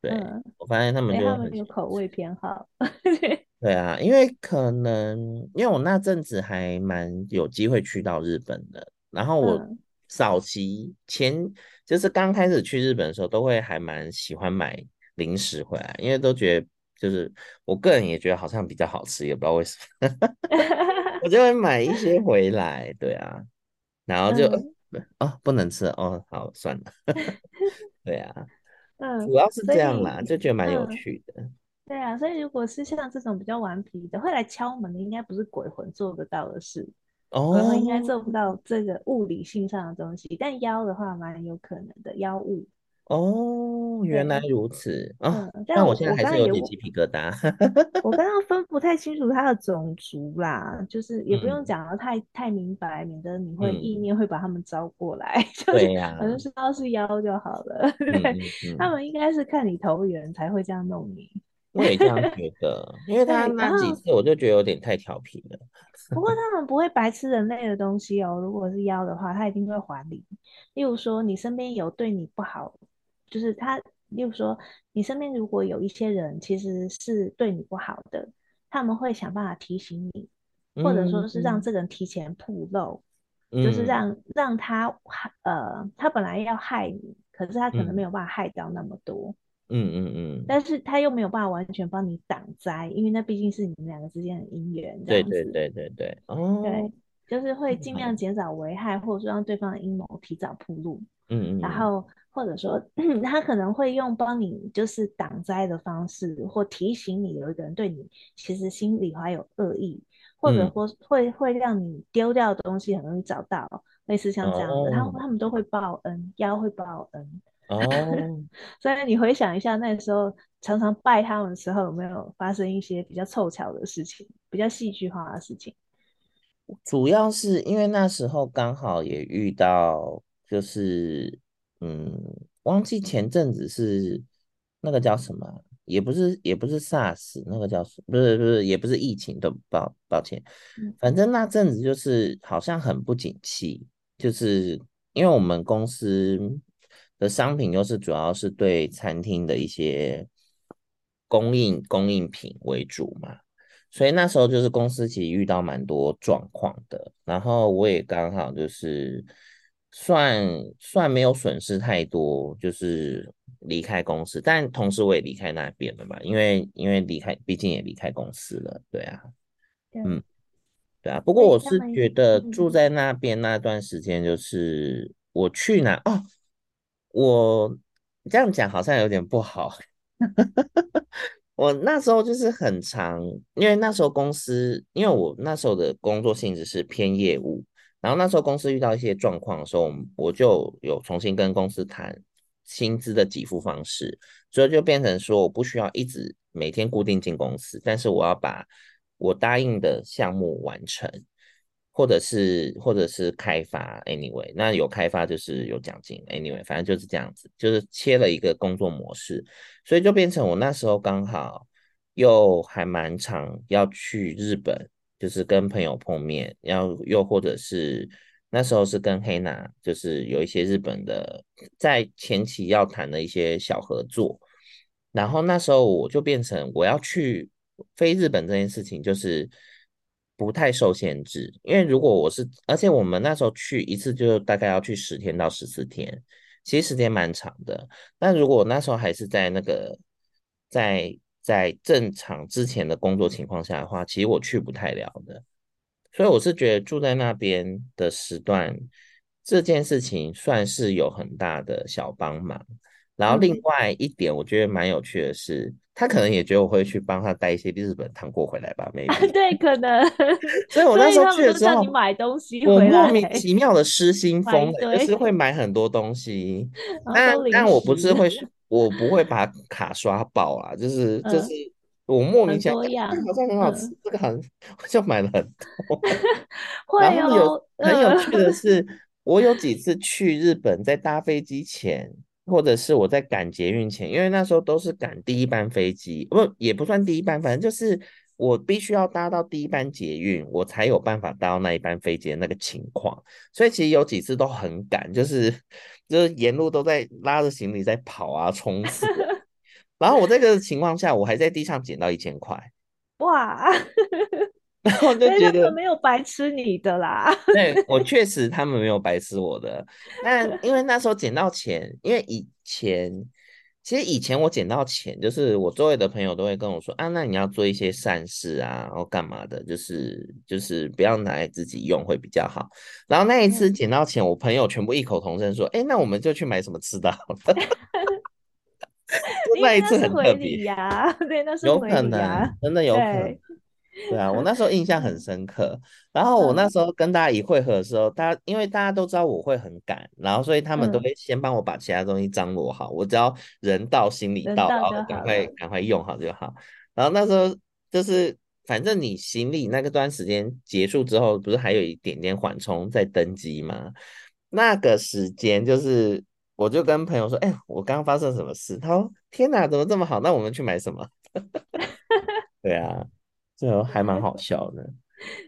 嗯，對、嗯，我發現他們就口味偏好。 對啊，因為可能因為我那陣子還蠻有機會去到日本的，然後我早期前、嗯、就是剛開始去日本的時候，都會還蠻喜歡買零食回來，因為都覺得就是我個人也覺得好像比較好吃，也不知道為什麼， 我就會買一些回來。對啊，然後就。嗯哦，不能吃哦，好，算了， 對啊，嗯，主要是這樣啦，就覺得蠻有趣的，嗯。對啊，所以如果是像這種比較頑皮的，會來敲門的，應該不是鬼魂做得到的事，哦，應該做不到這個物理性上的東西，但妖的話蠻有可能的，妖物。哦，原來如此啊、哦嗯！但我現在還是有點雞皮疙瘩。我剛剛分不太清楚他的種族啦， 就是也不用講的太、嗯、太明白，免得你會意念會把他們招過來。對、嗯、呀，可 能是道是妖就好了。嗯 嗯嗯、他們應該是看你投緣才會這樣弄你。我也這樣覺得， 因為他那幾次我就覺得有點太調皮了。 不過他們不會白吃人類的東西哦，如果是妖的話，他一定會還你。例如說，你身邊有對你不好。就是他，例如說，你身邊如果有一些人其實是對你不好的，他們會想辦法提醒你，或者說是讓這個人提前曝露，嗯，就是讓、嗯、讓他害呃，他本來要害你，可是他可能沒有辦法害到那麼多，嗯嗯嗯、嗯。但是他又沒有辦法完全幫你擋災，因為那畢竟是你們兩個之間的姻緣，對對對對對，哦、對就是會盡量減少危害，嗯，或者說讓對方的陰謀提早曝露，嗯嗯，然後。或者說、嗯，他可能會用幫你就是擋災的方式，或提醒你有一個人對你其實心裡還有惡意，或者說會、嗯、會讓你丟掉的東西很容易找到，類似像這樣的，哦、他他們都會報恩，妖會報恩。哦、 所以你回想一下那時候常常拜他們的時候，有沒有發生一些比較湊巧的事情，比較戲劇化的事情？主要是因為那時候剛好也遇到就是。嗯，忘記前陣子是那個叫什麼，也不是，也不是 SARS，那個叫什麼，不是，不是，也不是疫情，的抱抱歉、嗯，反正那陣子就是好像很不景氣，就是因為我們公司的商品就是主要是對餐廳的一些供應，供應品為主嘛，所以那時候就是公司其實遇到蠻多狀況的，然後我也剛好就是。算算沒有損失太多，就是離開公司，但同時我也離開那邊了嘛，因為因為離開，畢竟也離開公司了，對啊對，嗯，對啊。不過我是覺得住在那邊那段時間，就是我去哪哦，我這樣講好像有點不好。 我那時候就是很常，因為那時候公司，因為我那時候的工作性質是偏業務。然後那時候公司遇到一些狀況的時候，我就有重新跟公司談薪資的給付方式，所以就變成說我不需要一直每天固定進公司，但是我要把我答應的項目完成，或者是或者是開發，anyway，那有開發就是有獎金，anyway，反正就是這樣子，就是切了一個工作模式，所以就變成我那時候剛好又還蠻常要去日本。就是跟朋友碰面，然後又或者是那時候是跟黑娜，就是有一些日本的在前期要談的一些小合作，然後那時候我就變成我要去飛日本這件事情就是不太受限制，因為如果我是，而且我們那時候去一次就大概要去十天到十四天，其實時間蠻長的。但如果那時候還是在那個在在正常之前的工作情況下的話，其實我去不太了的，所以我是覺得住在那邊的時段這件事情算是有很大的小幫忙。然後另外一點，我覺得蠻有趣的是、嗯，他可能也覺得我會去幫他帶一些日本糖果回來吧，沒有、啊、對，可能。 所以我那時候去的時候，我你買東西回來，我莫名其妙的失心瘋，就是會買很多東西。那但我不是會。我不會把卡刷爆啊，就是、嗯、就是我莫名其妙，哎、好像很好吃，嗯、這個很我就買了很多了、 哦。然後有很有趣的是、哎，我有幾次去日本，在搭飛機前， 或者是我在趕捷運前，因為那時候都是趕第一班飛機，不也不算第一班，反正就是。我必須要搭到第一班捷運，我才有辦法搭到那一班飛機的那個情況，所以其實有幾次都很趕，就是就是沿路都在拉着行李在跑啊衝刺。 然後我這個情況下，我還在地上撿到一千塊，哇！ 然後就覺得他們沒有白吃你的啦。 對，我確實他們沒有白吃我的。但因為那時候撿到錢，因為以前。其實以前我撿到錢，就是我周圍的朋友都會跟我說啊，那你要做一些善事啊，然後幹嘛的，就是就是不要拿來自己用會比較好。然後那一次撿到錢，我朋友全部異口同聲說，哎，那我們就去買什麼吃的好了。 那一次很特別那是、啊那是啊、有可能，真的有可能。 對啊，我那時候印象很深刻。然後我那時候跟大家一會合的時候，大家因為大家都知道我會很趕，然後所以他們都會先幫我把其他東西張羅好，我只要人到行李到好，然後趕快趕快用好就好。然後那時候就是，反正你行李那個段時間結束之後，不是還有一點點緩衝在登機嗎？那個時間就是，我就跟朋友說：“哎、欸，我剛剛發生什麼事？”他說：“天哪、啊，怎麼這麼好？那我們去買什麼？” 對啊。這還蠻好笑的，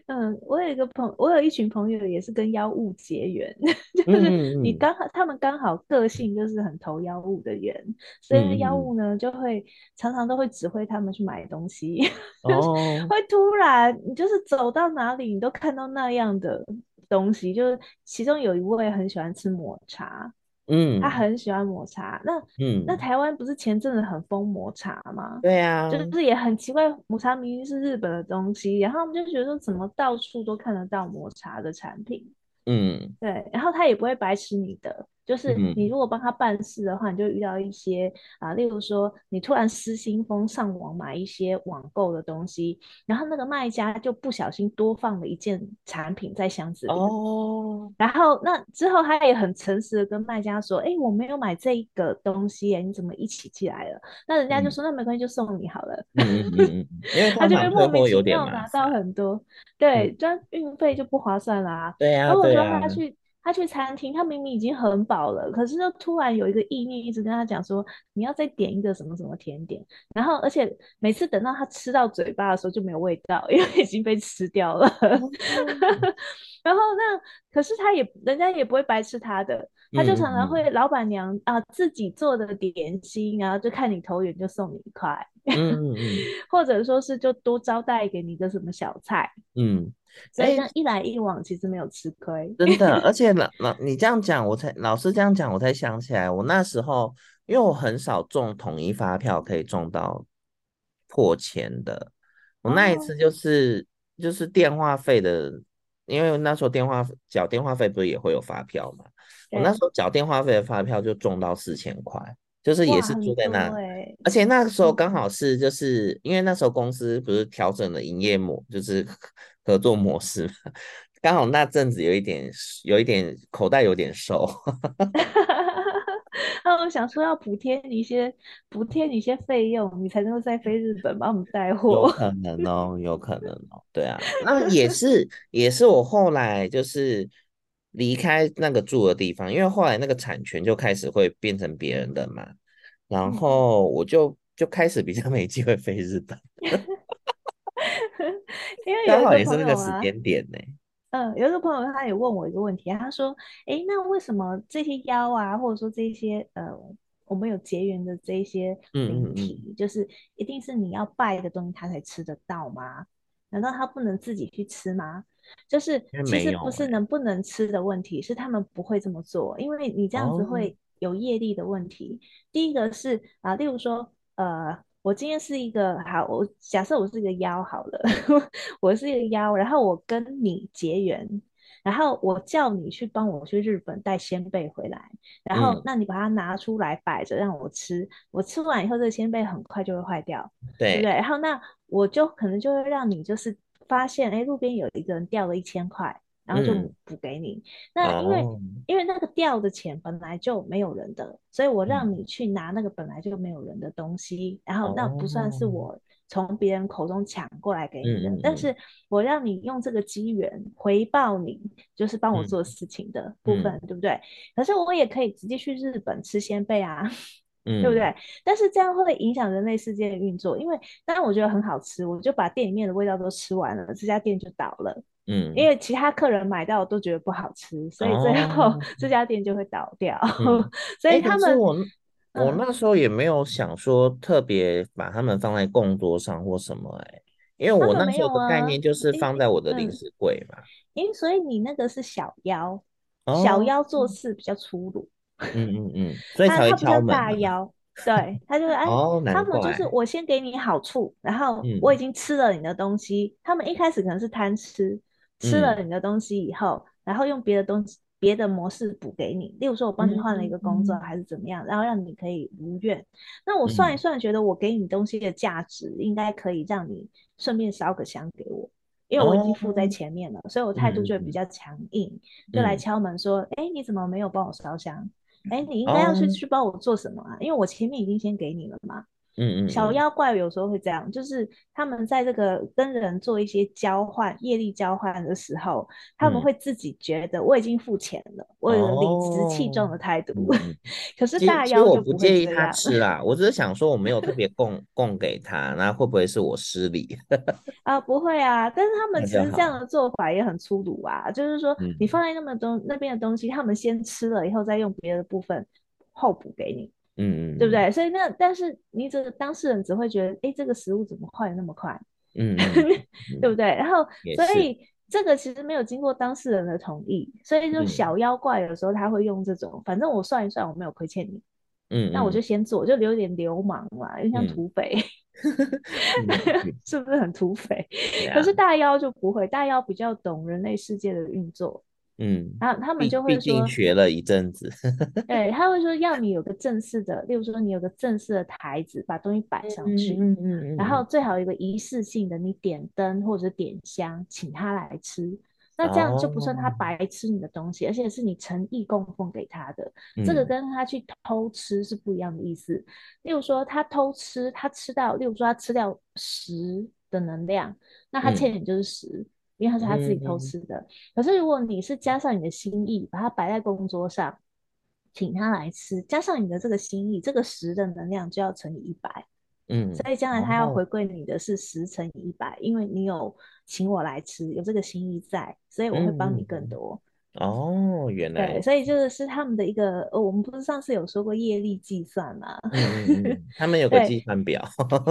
嗯，我有一個朋友，我有一群朋友也是跟妖物結緣，就是你剛好，嗯、他們剛好個性就是很投妖物的緣，所以妖物呢、嗯、就會常常都會指揮他們去買東西，就是、會突然、哦、你就是走到哪裡，你都看到那樣的東西，就是其中有一位很喜歡吃抹茶。嗯，他很喜歡抹茶。那，嗯，那台灣不是前陣子很瘋抹茶嗎？對啊，就是也很奇怪，抹茶明明是日本的東西，然後他們就覺得說，怎麼到處都看得到抹茶的產品？嗯，對，然後他也不會白吃你的。就是你如果幫他辦事的話，你就遇到一些啊，例如說你突然失心瘋上網買一些網購的東西，然後那個賣家就不小心多放了一件產品在箱子裡，然後那之後他也很誠實的跟賣家說：“哎，我沒有買這個東西，哎，你怎麼一起寄來了？”那人家就說：“那沒關係，就送你好了、嗯。嗯”嗯嗯、因為 他就會莫名其妙拿到很多，對，賺運費就不划算了啊、嗯。對呀、啊，對、啊、然後我他去。他去餐廳，他明明已經很飽了，可是又突然有一個意念一直跟他講說，你要再點一個什麼什麼甜點。然後，而且每次等到他吃到嘴巴的時候就沒有味道，因為已經被吃掉了。嗯、 然後呢，那可是他也人家也不會白吃他的，他就常常會老板娘啊、嗯呃、自己做的點心，啊，就看你投緣就送你一塊，嗯嗯、 或者說是就多招待給你一個什麼小菜，嗯。所以呢，一來一往，其實沒有吃虧，欸，真的。而且老老你這樣講，我才老是這樣講，我才想起來，我那時候因為我很少中統一發票可以中到破千的。我那一次就是，哦，就是電話費的，因為那時候電話繳電話費不是也會有發票嗎？我那時候繳電話費的發票就中到四千塊，就是也是住在那，欸，而且那個時候剛好是就是因為那時候公司不是調整了營業模，就是。合作模式，剛好那陣子有一點，有一點口袋有點瘦 那我想說要補貼你一些，補貼你一些費用，你才能夠再飛日本幫我們帶貨。有可能哦、喔，有可能哦、喔，對啊， 那也是，也是我後來就是離開那個住的地方，因為後來那個產權就開始會變成別人的嘛，然後我就就開始比較沒機會飛日本。 因為有一個朋友、剛好也是那個時間點呢、啊。嗯、欸呃，有一個朋友，他也問我一個問題，他說：“哎、欸，那為什麼這些妖啊，或者說這些呃，我們有結緣的這些靈體嗯嗯嗯，就是一定是你要拜的東西，他才吃得到嗎？難道他不能自己去吃嗎？就是、欸、其實不是能不能吃的問題，是他們不會這麼做，因為你這樣子會有業力的問題。哦、第一個是啊、呃，例如說呃。”我今天是一個好，我假設我是一個妖好了， 我是一個妖，然後我跟你結緣，然後我叫你去幫我去日本帶仙貝回來，然後、嗯、那你把它拿出來擺着讓我吃，我吃完以後這個仙貝很快就會壞掉，對不對？然後那我就可能就會讓你就是發現，哎，路邊有一個人掉了一千塊。然後就補給你，嗯、那因為、哦、因為那個掉的錢本來就沒有人的，所以我讓你去拿那個本來就沒有人的東西，嗯、然後那不算是我從別人口中搶過來給你的，嗯、但是我讓你用這個機緣回報你，嗯、就是幫我做事情的部分、嗯，對不對？可是我也可以直接去日本吃仙貝啊，嗯、 對不對？但是這樣會影響人類世界的運作，因為當然我覺得很好吃，我就把店裡面的味道都吃完了，這家店就倒了。嗯，因為其他客人買到我都覺得不好吃，所以最後這家店就會倒掉。哦、 所以他們、欸我嗯，我那時候也沒有想說特別把他們放在供桌上或什麼哎、欸，因為我那時候的概念就是放在我的零食櫃嘛。啊欸嗯、因為所以你那個是小妖，哦、小妖做事比較粗魯。嗯嗯嗯，所以他他們叫大妖，對，他就、哦、哎，他們就是我先給你好處，然後我已經吃了你的東西，嗯、他們一開始可能是貪吃。吃了你的東西以後、嗯，然後用別的東西、別的模式補給你。例如說，我幫你換了一個工作、嗯，還是怎麼樣，然後讓你可以如願。那我算一算，覺得我給你東西的價值、嗯、應該可以讓你順便燒個香給我，因為我已經付在前面了、嗯，所以我態度就會比較強硬、嗯，就來敲門說：“哎、嗯，你怎麼沒有幫我燒香？哎，你應該要去、嗯、去幫我做什麼啊？因為我前面已經先給你了嘛。”嗯，嗯嗯，小妖怪有時候會這樣，就是他們在這個跟人做一些交換、業力交換的時候，他們會自己覺得我已經付錢了，嗯、我有理直氣壯的態度、哦。可是大妖就不，其實我不介意他吃啊，我只是想說我沒有特別供 供給他，那會不會是我失禮？啊、 呃，不會啊，但是他們其實這樣的做法也很粗魯啊，就，就是說你放在那麼多、嗯、那邊的東西，他們先吃了以後再用別的部分後補給你。嗯、對不對？所以那但是你這個當事人只會覺得，哎，這個食物怎麼壞得那麼快？嗯，嗯 對不對？然後所以這個其實沒有經過當事人的同意，所以就小妖怪有時候他會用這種、嗯，反正我算一算我沒有虧欠你，嗯，那我就先做，就留一點流氓嘛，又像土匪，嗯 嗯嗯、 是不是很土匪？可是大妖就不會，大妖比較懂人類世界的運作。嗯，然後他們就會說，畢竟學了一陣子， 對，他會說要你有個正式的，例如說你有個正式的台子，把東西擺上去，嗯嗯，嗯，然後最好有一個儀式性的，你點燈或者點香，請他來吃，那這樣就不算他白吃你的東西，哦、而且是你誠意供奉給他的、嗯，這個跟他去偷吃是不一樣的意思。例如說他偷吃，他吃到，例如說他吃掉十的能量，那他欠你就是十。嗯因為他是他自己偷吃的、嗯嗯，可是如果你是加上你的心意，把它擺在工作上，請他來吃，加上你的這個心意，這個十的能量就要乘以一百。嗯，所以將來他要回饋你的是十乘以一百，因為你有請我來吃，有這個心意在，所以我會幫你更多。嗯嗯嗯哦，原來，所以就是是他們的一個、哦，我們不是上次有說過業力計算嗎？ 嗯嗯嗯、他們有個計算表，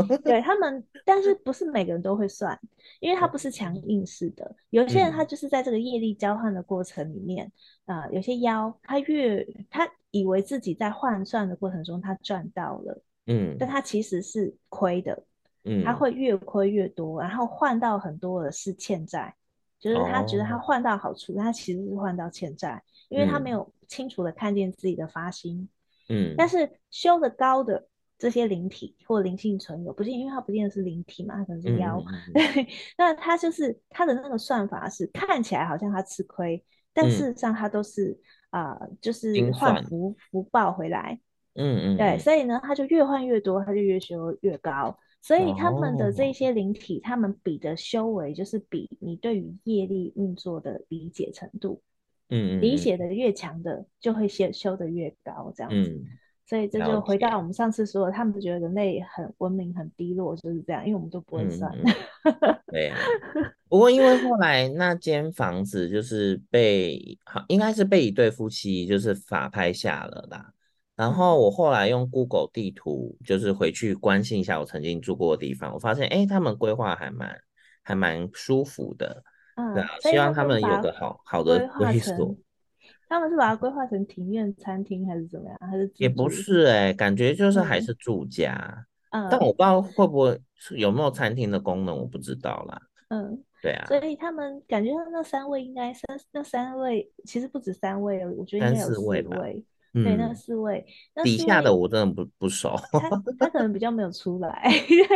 對， 對他們，但是不是每個人都會算，因為他不是強硬式的，有些人他就是在這個業力交換的過程裡面啊、嗯呃，有些妖他越他以為自己在換算的過程中他賺到了，嗯，但他其實是虧的，嗯，他會越虧越多，然後換到很多的是欠債。就是他覺得他換到好處，oh. 但他其實是換到欠債，因為他沒有清楚的看見自己的發心。嗯，但是修得高的這些靈體或靈性存有，不是，因為他不見得是靈體嘛，他可能是妖。嗯嗯嗯 那他就是他的那個算法是看起來好像他吃虧，但事實上他都是啊、嗯呃，就是換福福報回來。嗯，嗯嗯，對，所以呢，他就越換越多，他就越修越高。所以他們的這些靈體、哦，他們比的修為就是比你對於業力運作的理解程度。嗯，理解的越強的，就會先修的越高，這樣子、嗯。所以這就回到我們上次說的、嗯，他們覺得人類很文明很低落就是這樣，因為我們都不會算。了、嗯。 對啊，不過因為後來那間房子就是被， 應該是被一對夫妻就是法拍下了吧。然後我後來用 Google 地圖，就是回去關心一下我曾經住過的地方，我發現，哎，他們規劃還蠻還蠻舒服的。嗯，希望他們有個好好的歸宿。規劃他們是把它規劃成庭院餐廳還是怎麼樣？還是住也不是哎、欸，感覺就是還是住家嗯。嗯。但我不知道會不會有沒有餐廳的功能，我不知道啦。嗯，對啊。所以他們感覺那三位應該三那三位其實不止三位了，我覺得應該有四位。對，那四位、嗯、那四位底下的我真的不不熟他，他可能比較沒有出來，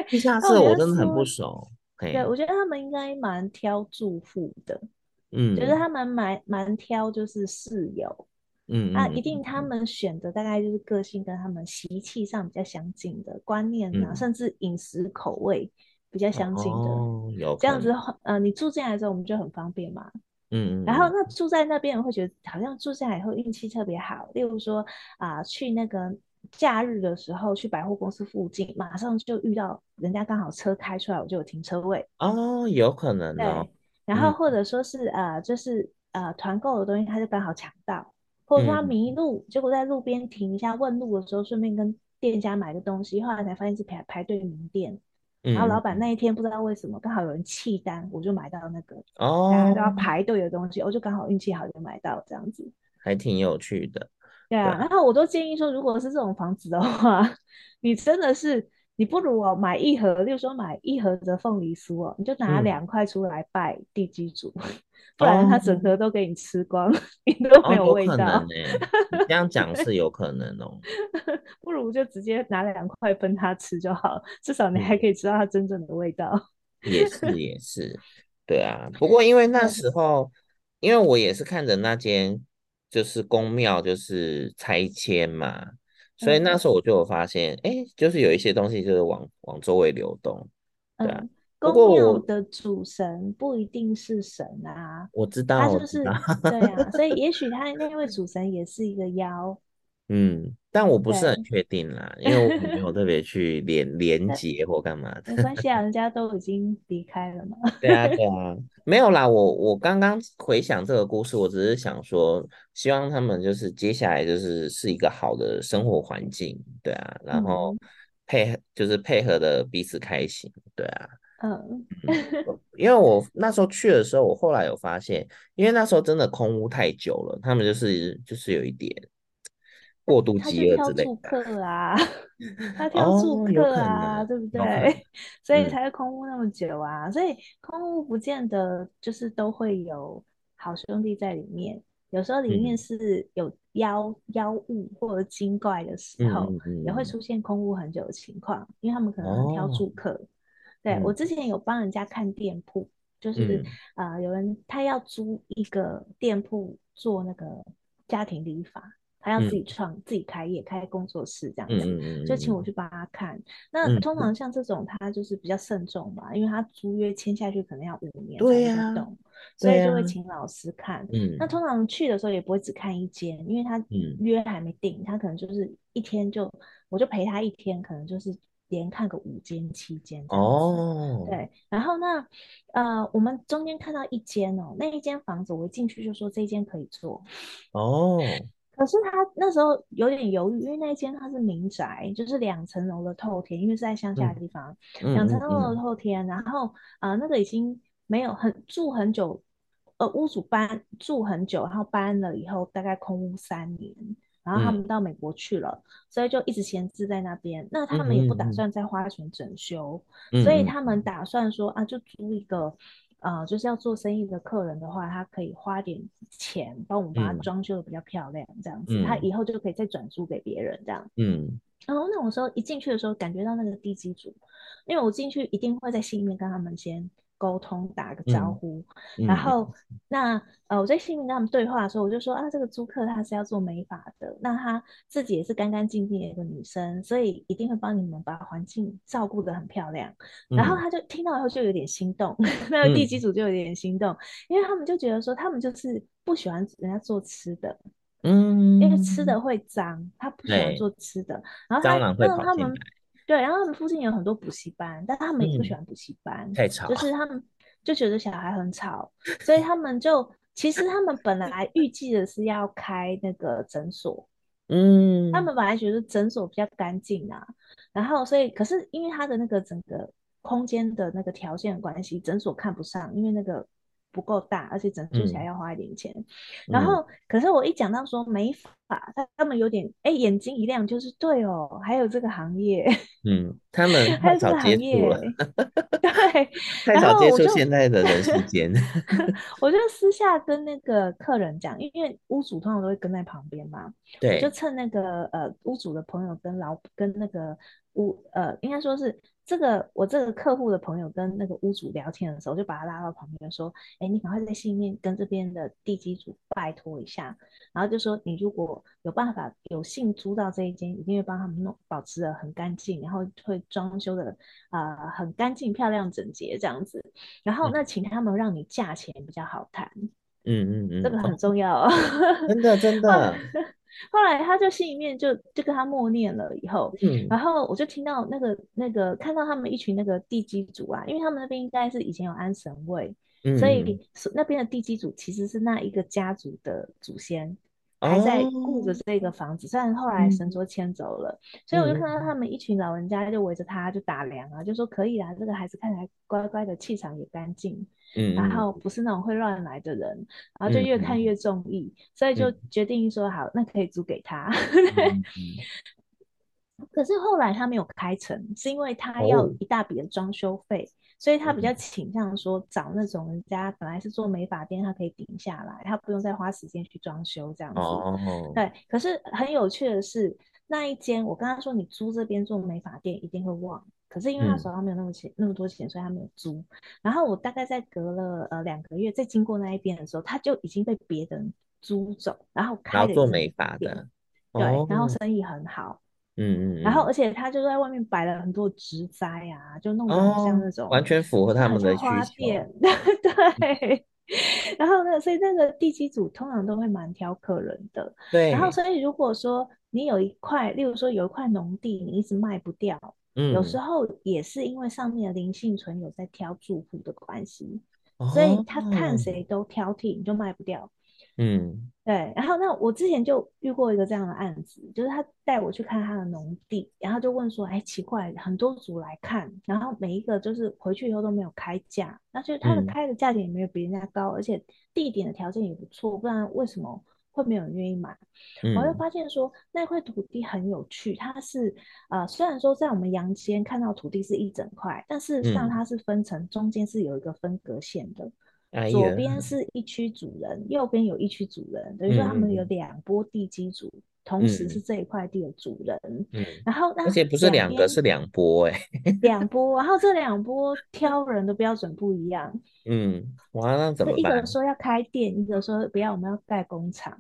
底下的我真的很不熟。Okay. 對，我覺得他們應該蠻挑住戶的，嗯，覺、就、得、是、他們蠻蠻挑，就是室友，嗯，那、啊嗯、一定他們選的大概就是個性跟他們習氣上比較相近的觀念啊，嗯、甚至飲食口味比較相近的、哦，這樣子呃，你住進來之後我們就很方便嘛。嗯，然後那住在那邊我會覺得好像住下來以後運氣特別好，例如說啊、呃，去那個假日的時候去百貨公司附近，馬上就遇到人家剛好車開出來，我就有停車位哦，有可能、哦。對、嗯，然後或者說是啊、呃，就是呃團購的東西，他就剛好搶到，或者說他迷路、嗯，結果在路邊停一下問路的時候，順便跟店家買個東西，後來才發現是排排隊名店。然後老闆那一天不知道為什麼，剛好有人棄單，我就買到那個哦，然後都、嗯、要排隊的東西，我就剛好運氣好就買到這樣子，還挺有趣的。嗯、對啊，然後我都建議說，如果是這種房子的話，你真的是。你不如哦，買一盒，就說買一盒的鳳梨酥哦，你就拿兩塊出來拜地基主，嗯、不然他整盒都給你吃光，哦、 你都沒有味道。哦、可能 你這樣講是有可能哦。 不如就直接拿兩塊分他吃就好、嗯，至少你還可以吃到他真正的味道。 也是也是，對啊。不過因為那時候，因為我也是看着那間就是宮廟就是拆遷嘛。所以那時候我就有發現，哎、嗯欸，就是有一些東西就是往往周圍流動，對啊。宮廟的主神不一定是神啊，我知道，他就是對啊，所以也許他那位主神也是一個妖。 嗯，但我不是很確定啦，因為我沒有特別去連 連接或幹嘛的。沒關係啊， 人家都已經離開了嘛。 對啊，對啊，沒有啦。我我剛剛回想這個故事，我只是想說，希望他們就是接下來就是是一個好的生活環境，對啊，然後配、嗯、就是配合的彼此開心，對啊。嗯， 因為我那時候去的時候，我後來有發現，因為那時候真的空屋太久了，他們就是就是有一點。過度飢餓之類的，他挑住客啊， 他挑住客啊、哦，對不對、嗯？所以才會空屋那麼久啊。所以空屋不見得就是都會有好兄弟在裡面，有時候裡面是有妖、嗯、妖物或者精怪的時候、嗯嗯，也會出現空屋很久的情況，因為他們可能挑住客。哦、對、嗯、我之前有幫人家看店鋪，就是啊、嗯呃，有人他要租一個店鋪做那個家庭理髮。還要自己創、嗯、自己開業、開工作室這樣子，嗯、就請我去幫他看、嗯。那通常像這種，他就是比較慎重吧，嗯、因為他租約簽下去可能要五年，對呀、啊，所以就會請老師看、啊。那通常去的時候也不會只看一間、嗯，因為他約還沒定，嗯、他可能就是一天就我就陪他一天，可能就是連看個五間、七間。哦，對，然後那呃，我們中間看到一間哦，那一間房子我一進去就說這一間可以做。哦。可是他那時候有點猶豫，因為那一間他是民宅，就是兩層樓的透天，因為是在鄉下的地方，嗯嗯嗯、兩層樓的透天。嗯嗯、然後啊、呃，那個已經沒有很住很久，呃、屋主搬住很久，然後搬了以後大概空屋三年，然後他們到美國去了、嗯，所以就一直閒置在那邊。那他們也不打算再花錢整修、嗯嗯嗯，所以他們打算說啊，就租一個。啊、呃，就是要做生意的客人的話，他可以花點錢幫我們把它裝修的比較漂亮、嗯，這樣子，他以後就可以再轉租給別人這樣。嗯，然後那種時候一進去的時候，感覺到那個地基主，因為我進去一定會在心裡面跟他們先溝通打個招呼，嗯嗯、然後那呃我在心裡跟他們對話的時候，我就說啊這個租客她是要做美髮的，那她自己也是干干淨淨的一個女生，所以一定會幫你們把環境照顧得很漂亮。嗯、然後他就聽到以後就有點心動，那地基主就有點心動、嗯，因為他們就覺得說他們就是不喜歡人家做吃的，嗯，因為吃的會髒，他不喜歡做吃的，然後，蟑螂會跑進來。然後他們對，然後他們附近有很多補習班，但他們也不喜歡補習班，嗯、太吵。就是他們就覺得小孩很吵，所以他們就 其實他們本來預計的是要開那個診所，嗯，他們本來覺得診所比較乾淨啊，然後所以可是因為他的那個整個空間的那個條件關係，診所看不上，因為那個。不夠大，而且整修起來要花一點錢。嗯，然後，可是我一講到說沒法，但他們有點哎，眼睛一亮，就是對哦，還有這個行業。嗯，他們太早接觸了。對。 太早接觸現在的人世間。我就私下跟那個客人講，因為屋主通常都會跟在旁邊嘛。對。就趁那個呃屋主的朋友跟老跟那個屋呃，應該說是。這個我這個客戶的朋友跟那個屋主聊天的時候，我就把他拉到旁邊說：“哎，你趕快在心裡面跟這邊的地基主拜託一下，然後就說你如果有辦法有幸租到這一間，一定會幫他們弄保持得很乾淨，然後會裝修得啊、呃、很乾淨、漂亮、整潔這樣子。然後那請他們讓你價錢比較好談。嗯嗯嗯，這個很重要哦，哦，真的真的。 ”後來他就心裡面就就跟他默念了以後，嗯、然後我就聽到那個那個看到他們一群那個地基主啊，因為他們那邊應該是以前有安神位，嗯、所以那邊的地基主其實是那一個家族的祖先。還在顧着這個房子，oh, 雖然後來神桌遷走了，嗯，所以我就看到他們一群老人家就圍着他就打量啊，嗯，就說可以啦，啊，這個孩子看起來乖乖的，氣場也乾淨，嗯，然後不是那種會亂來的人，然後就越看越中意，嗯，所以就決定說好，嗯，那可以租給他， 嗯嗯嗯。可是後來他沒有開成，是因為他要一大筆的裝修費。Oh. 所以他比較傾向說找那種人家本來是做美髮店，他可以頂下來，他不用再花時間去裝修這樣子。哦、oh, 哦、oh, oh. 對，可是很有趣的是，那一間我剛剛說，你租這邊做美髮店一定會旺，可是因為他手上沒有那麼錢、嗯、那麼多錢，所以他沒有租。然後我大概在隔了呃兩個月，再經過那一邊的時候，他就已經被別人租走，然後開然後做美髮的。對，oh. 然後生意很好。嗯嗯，嗯，然後而且他就在外面擺了很多植栽啊，就弄得很像那種、哦、完全符合他們的花店， 對、嗯。然後呢，所以那個地基主通常都會蠻挑客人的。的對。然後，所以如果說你有一塊，例如說有一塊農地，你一直賣不掉、嗯，有時候也是因為上面的靈性存有在挑住戶的關係、哦，所以他看誰都挑剔，你就賣不掉。嗯，對，然後那我之前就遇過一個這樣的案子，就是他帶我去看他的農地，然後就問說，哎、欸，奇怪，很多組來看，然後每一個就是回去以後都沒有開價，那就是他的開的價錢也沒有比人家高，嗯、而且地點的條件也不錯，不然為什麼會沒有人願意買？我就發現說那塊土地很有趣，它是、呃、雖然說在我們陽間看到土地是一整塊，但事實上它是分成，嗯、中間是有一個分隔線的。左邊是一區主人，哎、右邊有一區主人，等、嗯、於說他們有兩波地基主、嗯，同時是這一塊地的主人。嗯。然後呢，而且不是兩個，是兩波哎、欸。兩波，然後這兩波挑人的標準不一樣。嗯，哇，那怎麼辦？一個人說要開店，一個說不要，我們要蓋工廠。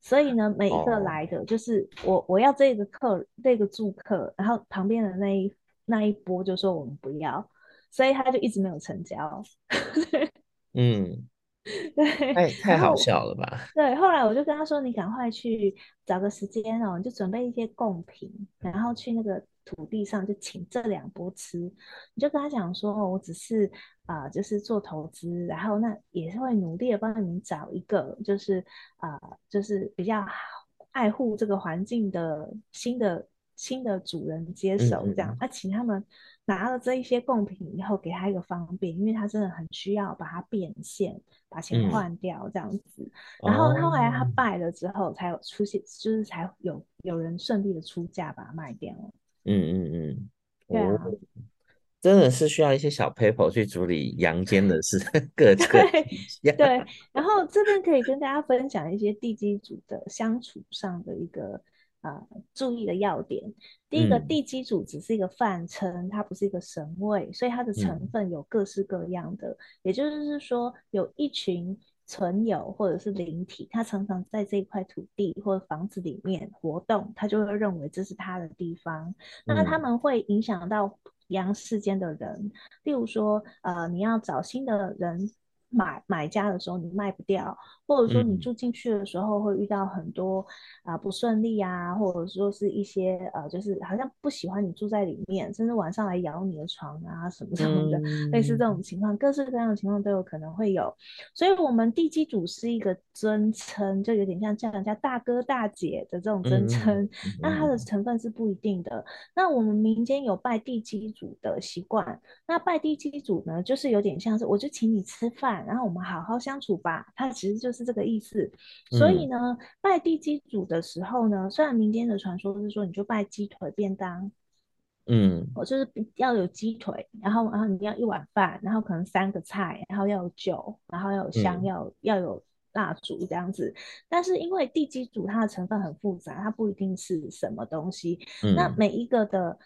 所以呢，每一個來的就是我、哦，我要這個客，這個住客，然後旁邊的那一那一波就說我們不要，所以他就一直沒有成交。 嗯，太、哎、太好笑了吧？對，後來我就跟他說：“你趕快去找個時間哦，你就準備一些貢品，然後去那個土地上就請這兩撥吃。”你就跟他講說：“哦，我只是啊、呃，就是做投資，然後那也是會努力的幫你找一個，就是啊、呃，就是比較愛護這個環境的新的。”新的主人接手這樣，他、嗯嗯啊、請他們拿了這一些貢品以後，給他一個方便，因為他真的很需要把它變現，把錢換掉這樣子。嗯、然後後來他拜了之後，才有出現，嗯、就是才有有人順利的出價把它賣掉了。嗯嗯嗯，對、啊，真的是需要一些小 paper 去處理陽間的事各，各各對對。然後這邊可以跟大家分享一些地基主的相處上的一個。啊、呃，注意的要點，第一個、嗯、地基主只是一個泛稱，它不是一個神位，所以它的成分有各式各樣的。嗯、也就是說，有一群存有或者是靈體，他常常在這一塊土地或者房子裡面活動，他就會認為這是他的地方。嗯、那他們會影響到陽世間的人，例如說，呃，你要找新的人買買家的時候，你賣不掉。或者說你住進去的時候會遇到很多啊、嗯呃、不順利啊，或者說是一些呃就是好像不喜歡你住在裡面，甚至晚上來咬你的床啊什麼什麼的，類似這種情況，各式各樣的情況都有可能會有。所以，我們地基主是一個尊稱，就有點像叫人家大哥大姐的這種尊稱。嗯、那它的成分是不一定的。那我們民間有拜地基主的習慣。那拜地基主呢，就是有點像是我就請你吃飯，然後我們好好相處吧。他其實就是。就是這個意思，嗯，所以呢，拜地基主的時候呢，雖然民間的傳說是說你就拜雞腿便當，嗯，就是要有雞腿，然後然後你要一碗飯，然後可能三個菜，然後要有酒，然後要有香，嗯，要要有蠟燭這樣子。但是因為地基主它的成分很複雜，它不一定是什麼東西，嗯、那每一個的。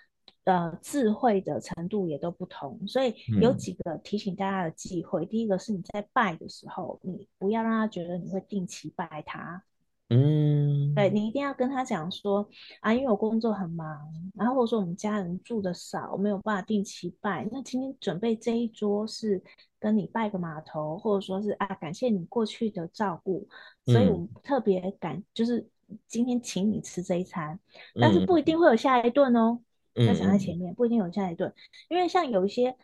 呃，智慧的程度也都不同，所以有幾個提醒大家的忌諱，嗯。第一個是你在拜的時候，你不要讓他覺得你會定期拜他。嗯，對，你一定要跟他講說啊，因為我工作很忙，然後或者說我們家人住的少，我沒有辦法定期拜。那今天準備這一桌是跟你拜個碼頭，或者說是啊，感謝你過去的照顧，所以我們特別感，嗯、就是今天請你吃這一餐，但是不一定會有下一頓哦。要想在前面，不一定有下一頓，因為像有一些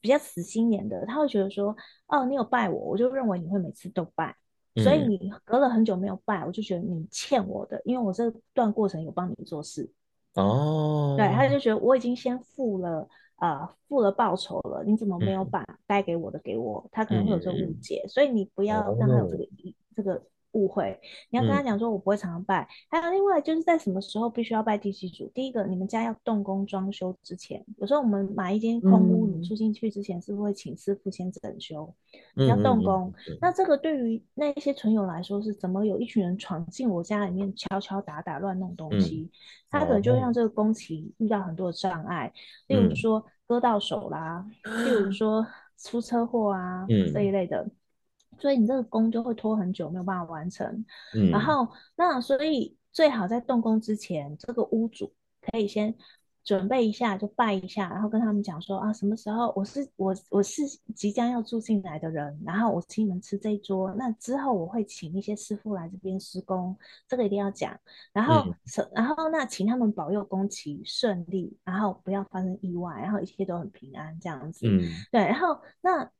比較死心眼的，他會覺得說，哦，你有拜我，我就認為你會每次都拜，嗯、所以你隔了很久沒有拜，我就覺得你欠我的，因為我這段過程有幫你做事。哦，對，他就覺得我已經先付了，呃，付了報酬了，你怎麼沒有把該、嗯、給我的給我？他可能會有這誤解、嗯，所以你不要讓他有這個意、哦、這個。誤會，你要跟他講說，我不會常常拜、嗯。還有另外就是在什麼時候必須要拜地基主？第一個，你們家要動工裝修之前，有時候我們買一間空屋，你住進去之前，是不是會請師傅先整修、嗯？你要動工，嗯嗯嗯、那這個對於那一些存有來說，是怎麼有一群人闖進我家裡面敲敲打打亂弄東西、嗯？他可能就會讓這個工期遇到很多的障礙、嗯，例如說割到手啦，嗯、例如說出車禍啊、嗯、這一類的。所以你這個工就會拖很久，沒有辦法完成。嗯，然後那所以最好在動工之前，這個屋主可以先準備一下，就拜一下，然後跟他們講說啊，什麼時候我是我我是即將要住進來的人，然後我請你們吃這一桌，那之後我會請一些師傅來這邊施工，這個一定要講。然後，嗯，然後那請他們保佑工期順利，然後不要發生意外，然後一切都很平安這樣子。嗯，對，然後那。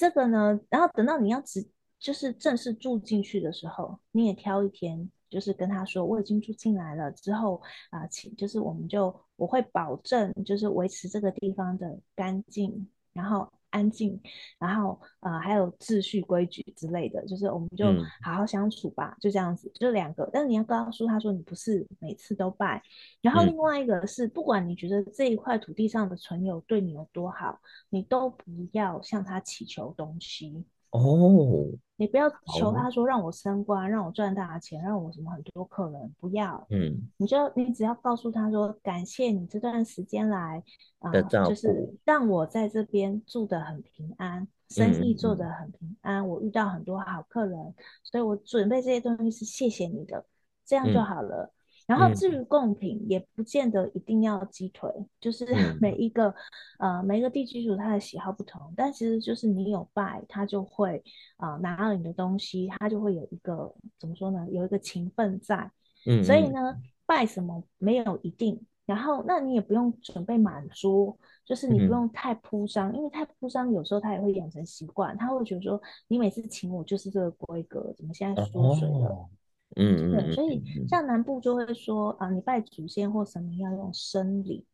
這個呢，然後等到你要直就是正式住進去的時候，你也挑一天，就是跟他說我已經住進來了之後啊、呃，請就是我們就我會保證就是維持這個地方的乾淨，然後。安靜，然後呃，還有秩序規矩之類的，就是我們就好好相處吧，嗯、就這樣子，就兩個。但是你要告訴他說，你不是每次都拜，然後另外一個是、嗯，不管你覺得這一塊土地上的存有對你有多好，你都不要向他祈求東西。哦、oh，你不要求他說，讓我升官，oh. 讓我賺大錢，讓我什麼很多客人，不要，嗯，你就你只要告訴他說，感謝你這段時間來，啊、呃，就是讓我在這邊住得很平安，生意做得很平安，嗯，我遇到很多好客人，所以我準備這些東西是謝謝你的，這樣就好了。嗯然後至於貢品，嗯，也不見得一定要雞腿，就是每一個，嗯、呃每一個地基主他的喜好不同，但其實就是你有拜，他就會啊、呃、拿到你的東西，他就會有一個怎麼說呢，有一個情分在。嗯。所以呢，拜什麼沒有一定，然後那你也不用準備滿桌，就是你不用太鋪張，嗯，因為太鋪張有時候他也會養成習慣，他會覺得說你每次請我就是這個規格，怎麼現在縮水了？啊哦嗯，嗯，嗯，對，所以像南部就會說啊，你拜祖先或神明要用牲禮，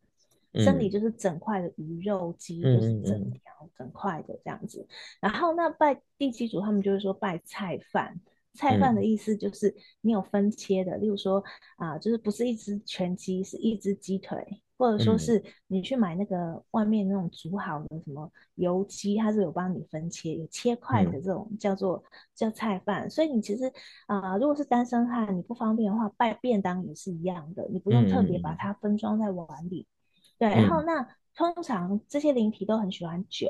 牲禮就是整塊的魚肉，雞就是整條整塊的這樣子。然後那拜地基主，他們就會說，拜菜飯，菜飯的意思就是你有分切的，嗯嗯例如說啊，就是不是一只全雞，是一只雞腿。或者說是你去買那個外面那種煮好的什麼油雞、嗯，它是有幫你分切、有切塊的這種叫做、嗯、叫菜飯。所以你其實啊、呃，如果是單身漢，你不方便的話，拜便當也是一樣的，你不用特別把它分裝在碗裡、嗯。對，然後那、嗯、通常這些靈體都很喜歡酒、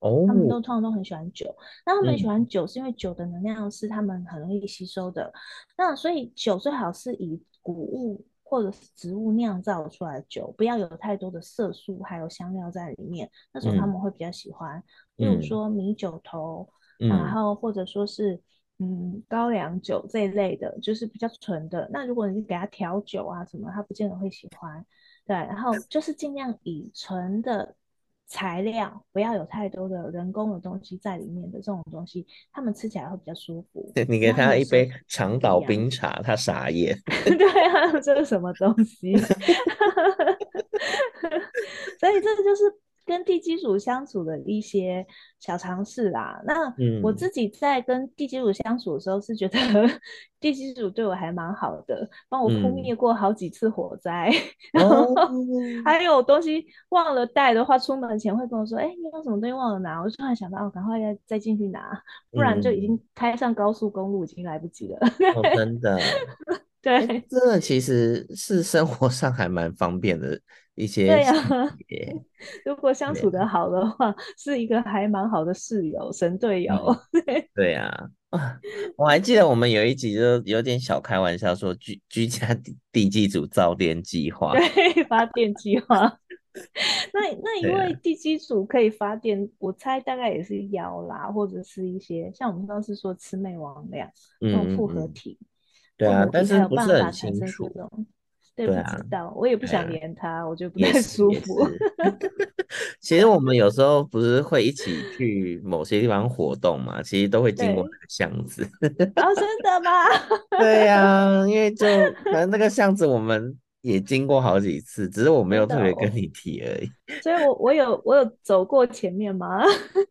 哦，他們都通常都很喜歡酒、嗯。那他們喜歡酒是因為酒的能量是他們很容易吸收的。那所以酒最好是以穀物。或者是植物釀造出來的酒，不要有太多的色素，還有香料在裡面。那時候他們會比較喜歡，嗯、比如說米酒頭、嗯，然後或者說是嗯高粱酒這一類的，就是比較純的。那如果你給他調酒啊什麼，他不見得會喜歡。對，然後就是盡量以純的。材料不要有太多的人工的東西在裡面的這種東西，他們吃起來會比較舒服。你給他一杯長島冰茶，他傻眼。 對啊，這是什麼東西？ 所以這個就是。跟地基主相處的一些小嘗試啦。那我自己在跟地基主相處的時候，是覺得地基主對我還蠻好的，幫我撲滅過好幾次火災，嗯，然後還有東西忘了帶的話，嗯、出門前會跟我說：“哎、欸，你有什麼東西忘了拿？”我就突然想到：“哦，趕快再再進去拿，不然就已經開上高速公路，嗯、已經來不及了。哦”真的，對，這其實是生活上還蠻方便的。一些對呀、啊，如果相處得好的話，是一個還蠻好的室友、神隊友。對，對啊，呀，我還記得我們有一集就有點小開玩笑說居居家地、地基主造電計劃，對發電計劃。 那那因為地基主可以發電、啊，我猜大概也是妖啦，或者是一些像我們當時說魑魅魍魎這種複合體。嗯、對啊，但是不是很清楚對，不起，對啊，知道，我也不想黏他、啊，我覺得不太舒服。 其實我們有時候不是會一起去某些地方活動嘛，其實都會經過那個巷子、 哦。真的嗎？對呀、啊，因為就反正那個巷子我們也經過好幾次， 只是我沒有特別跟你提而已。哦、所以我，我我有我有走過前面嗎？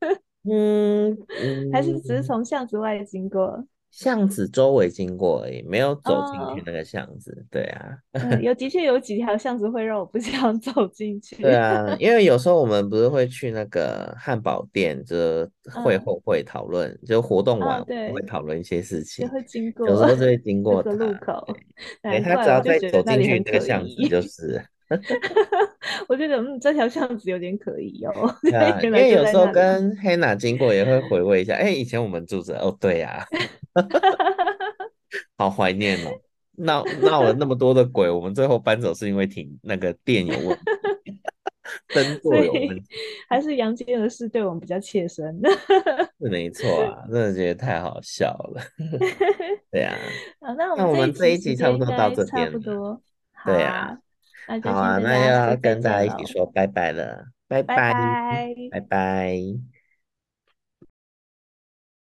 嗯？嗯，還是只是從巷子外經過？巷子周圍經過而已，沒有走進去那個巷子。哦、對啊，嗯、有的確有幾條巷子會讓我不想走進去。 對啊，因為有時候我們不是會去那個漢堡店，就是會後、嗯、會討論，就活動完我們會討論一些事情。哦、會經過，有時候就會經過它。一個 路口對、欸，他只要再走進去那個巷子就是。 我覺得嗯，這條巷子，有點可疑哦、啊。因為有時候跟 Hannah 經過也會回味一下，哎、 欸，以前我們住着哦，對呀、啊， 好懷念哦，鬧鬧了那麼多的鬼，我們最後搬走是因為停那個電有問題， 燈座有問題，還是陽間的事對我們比較切身。 是沒錯啊，真的覺得太好笑了。 對啊，那我們， 我們這一集差不多到這邊了，差不多。對啊 好啊，那要跟大家一起說拜拜了，拜拜，拜拜。拜拜。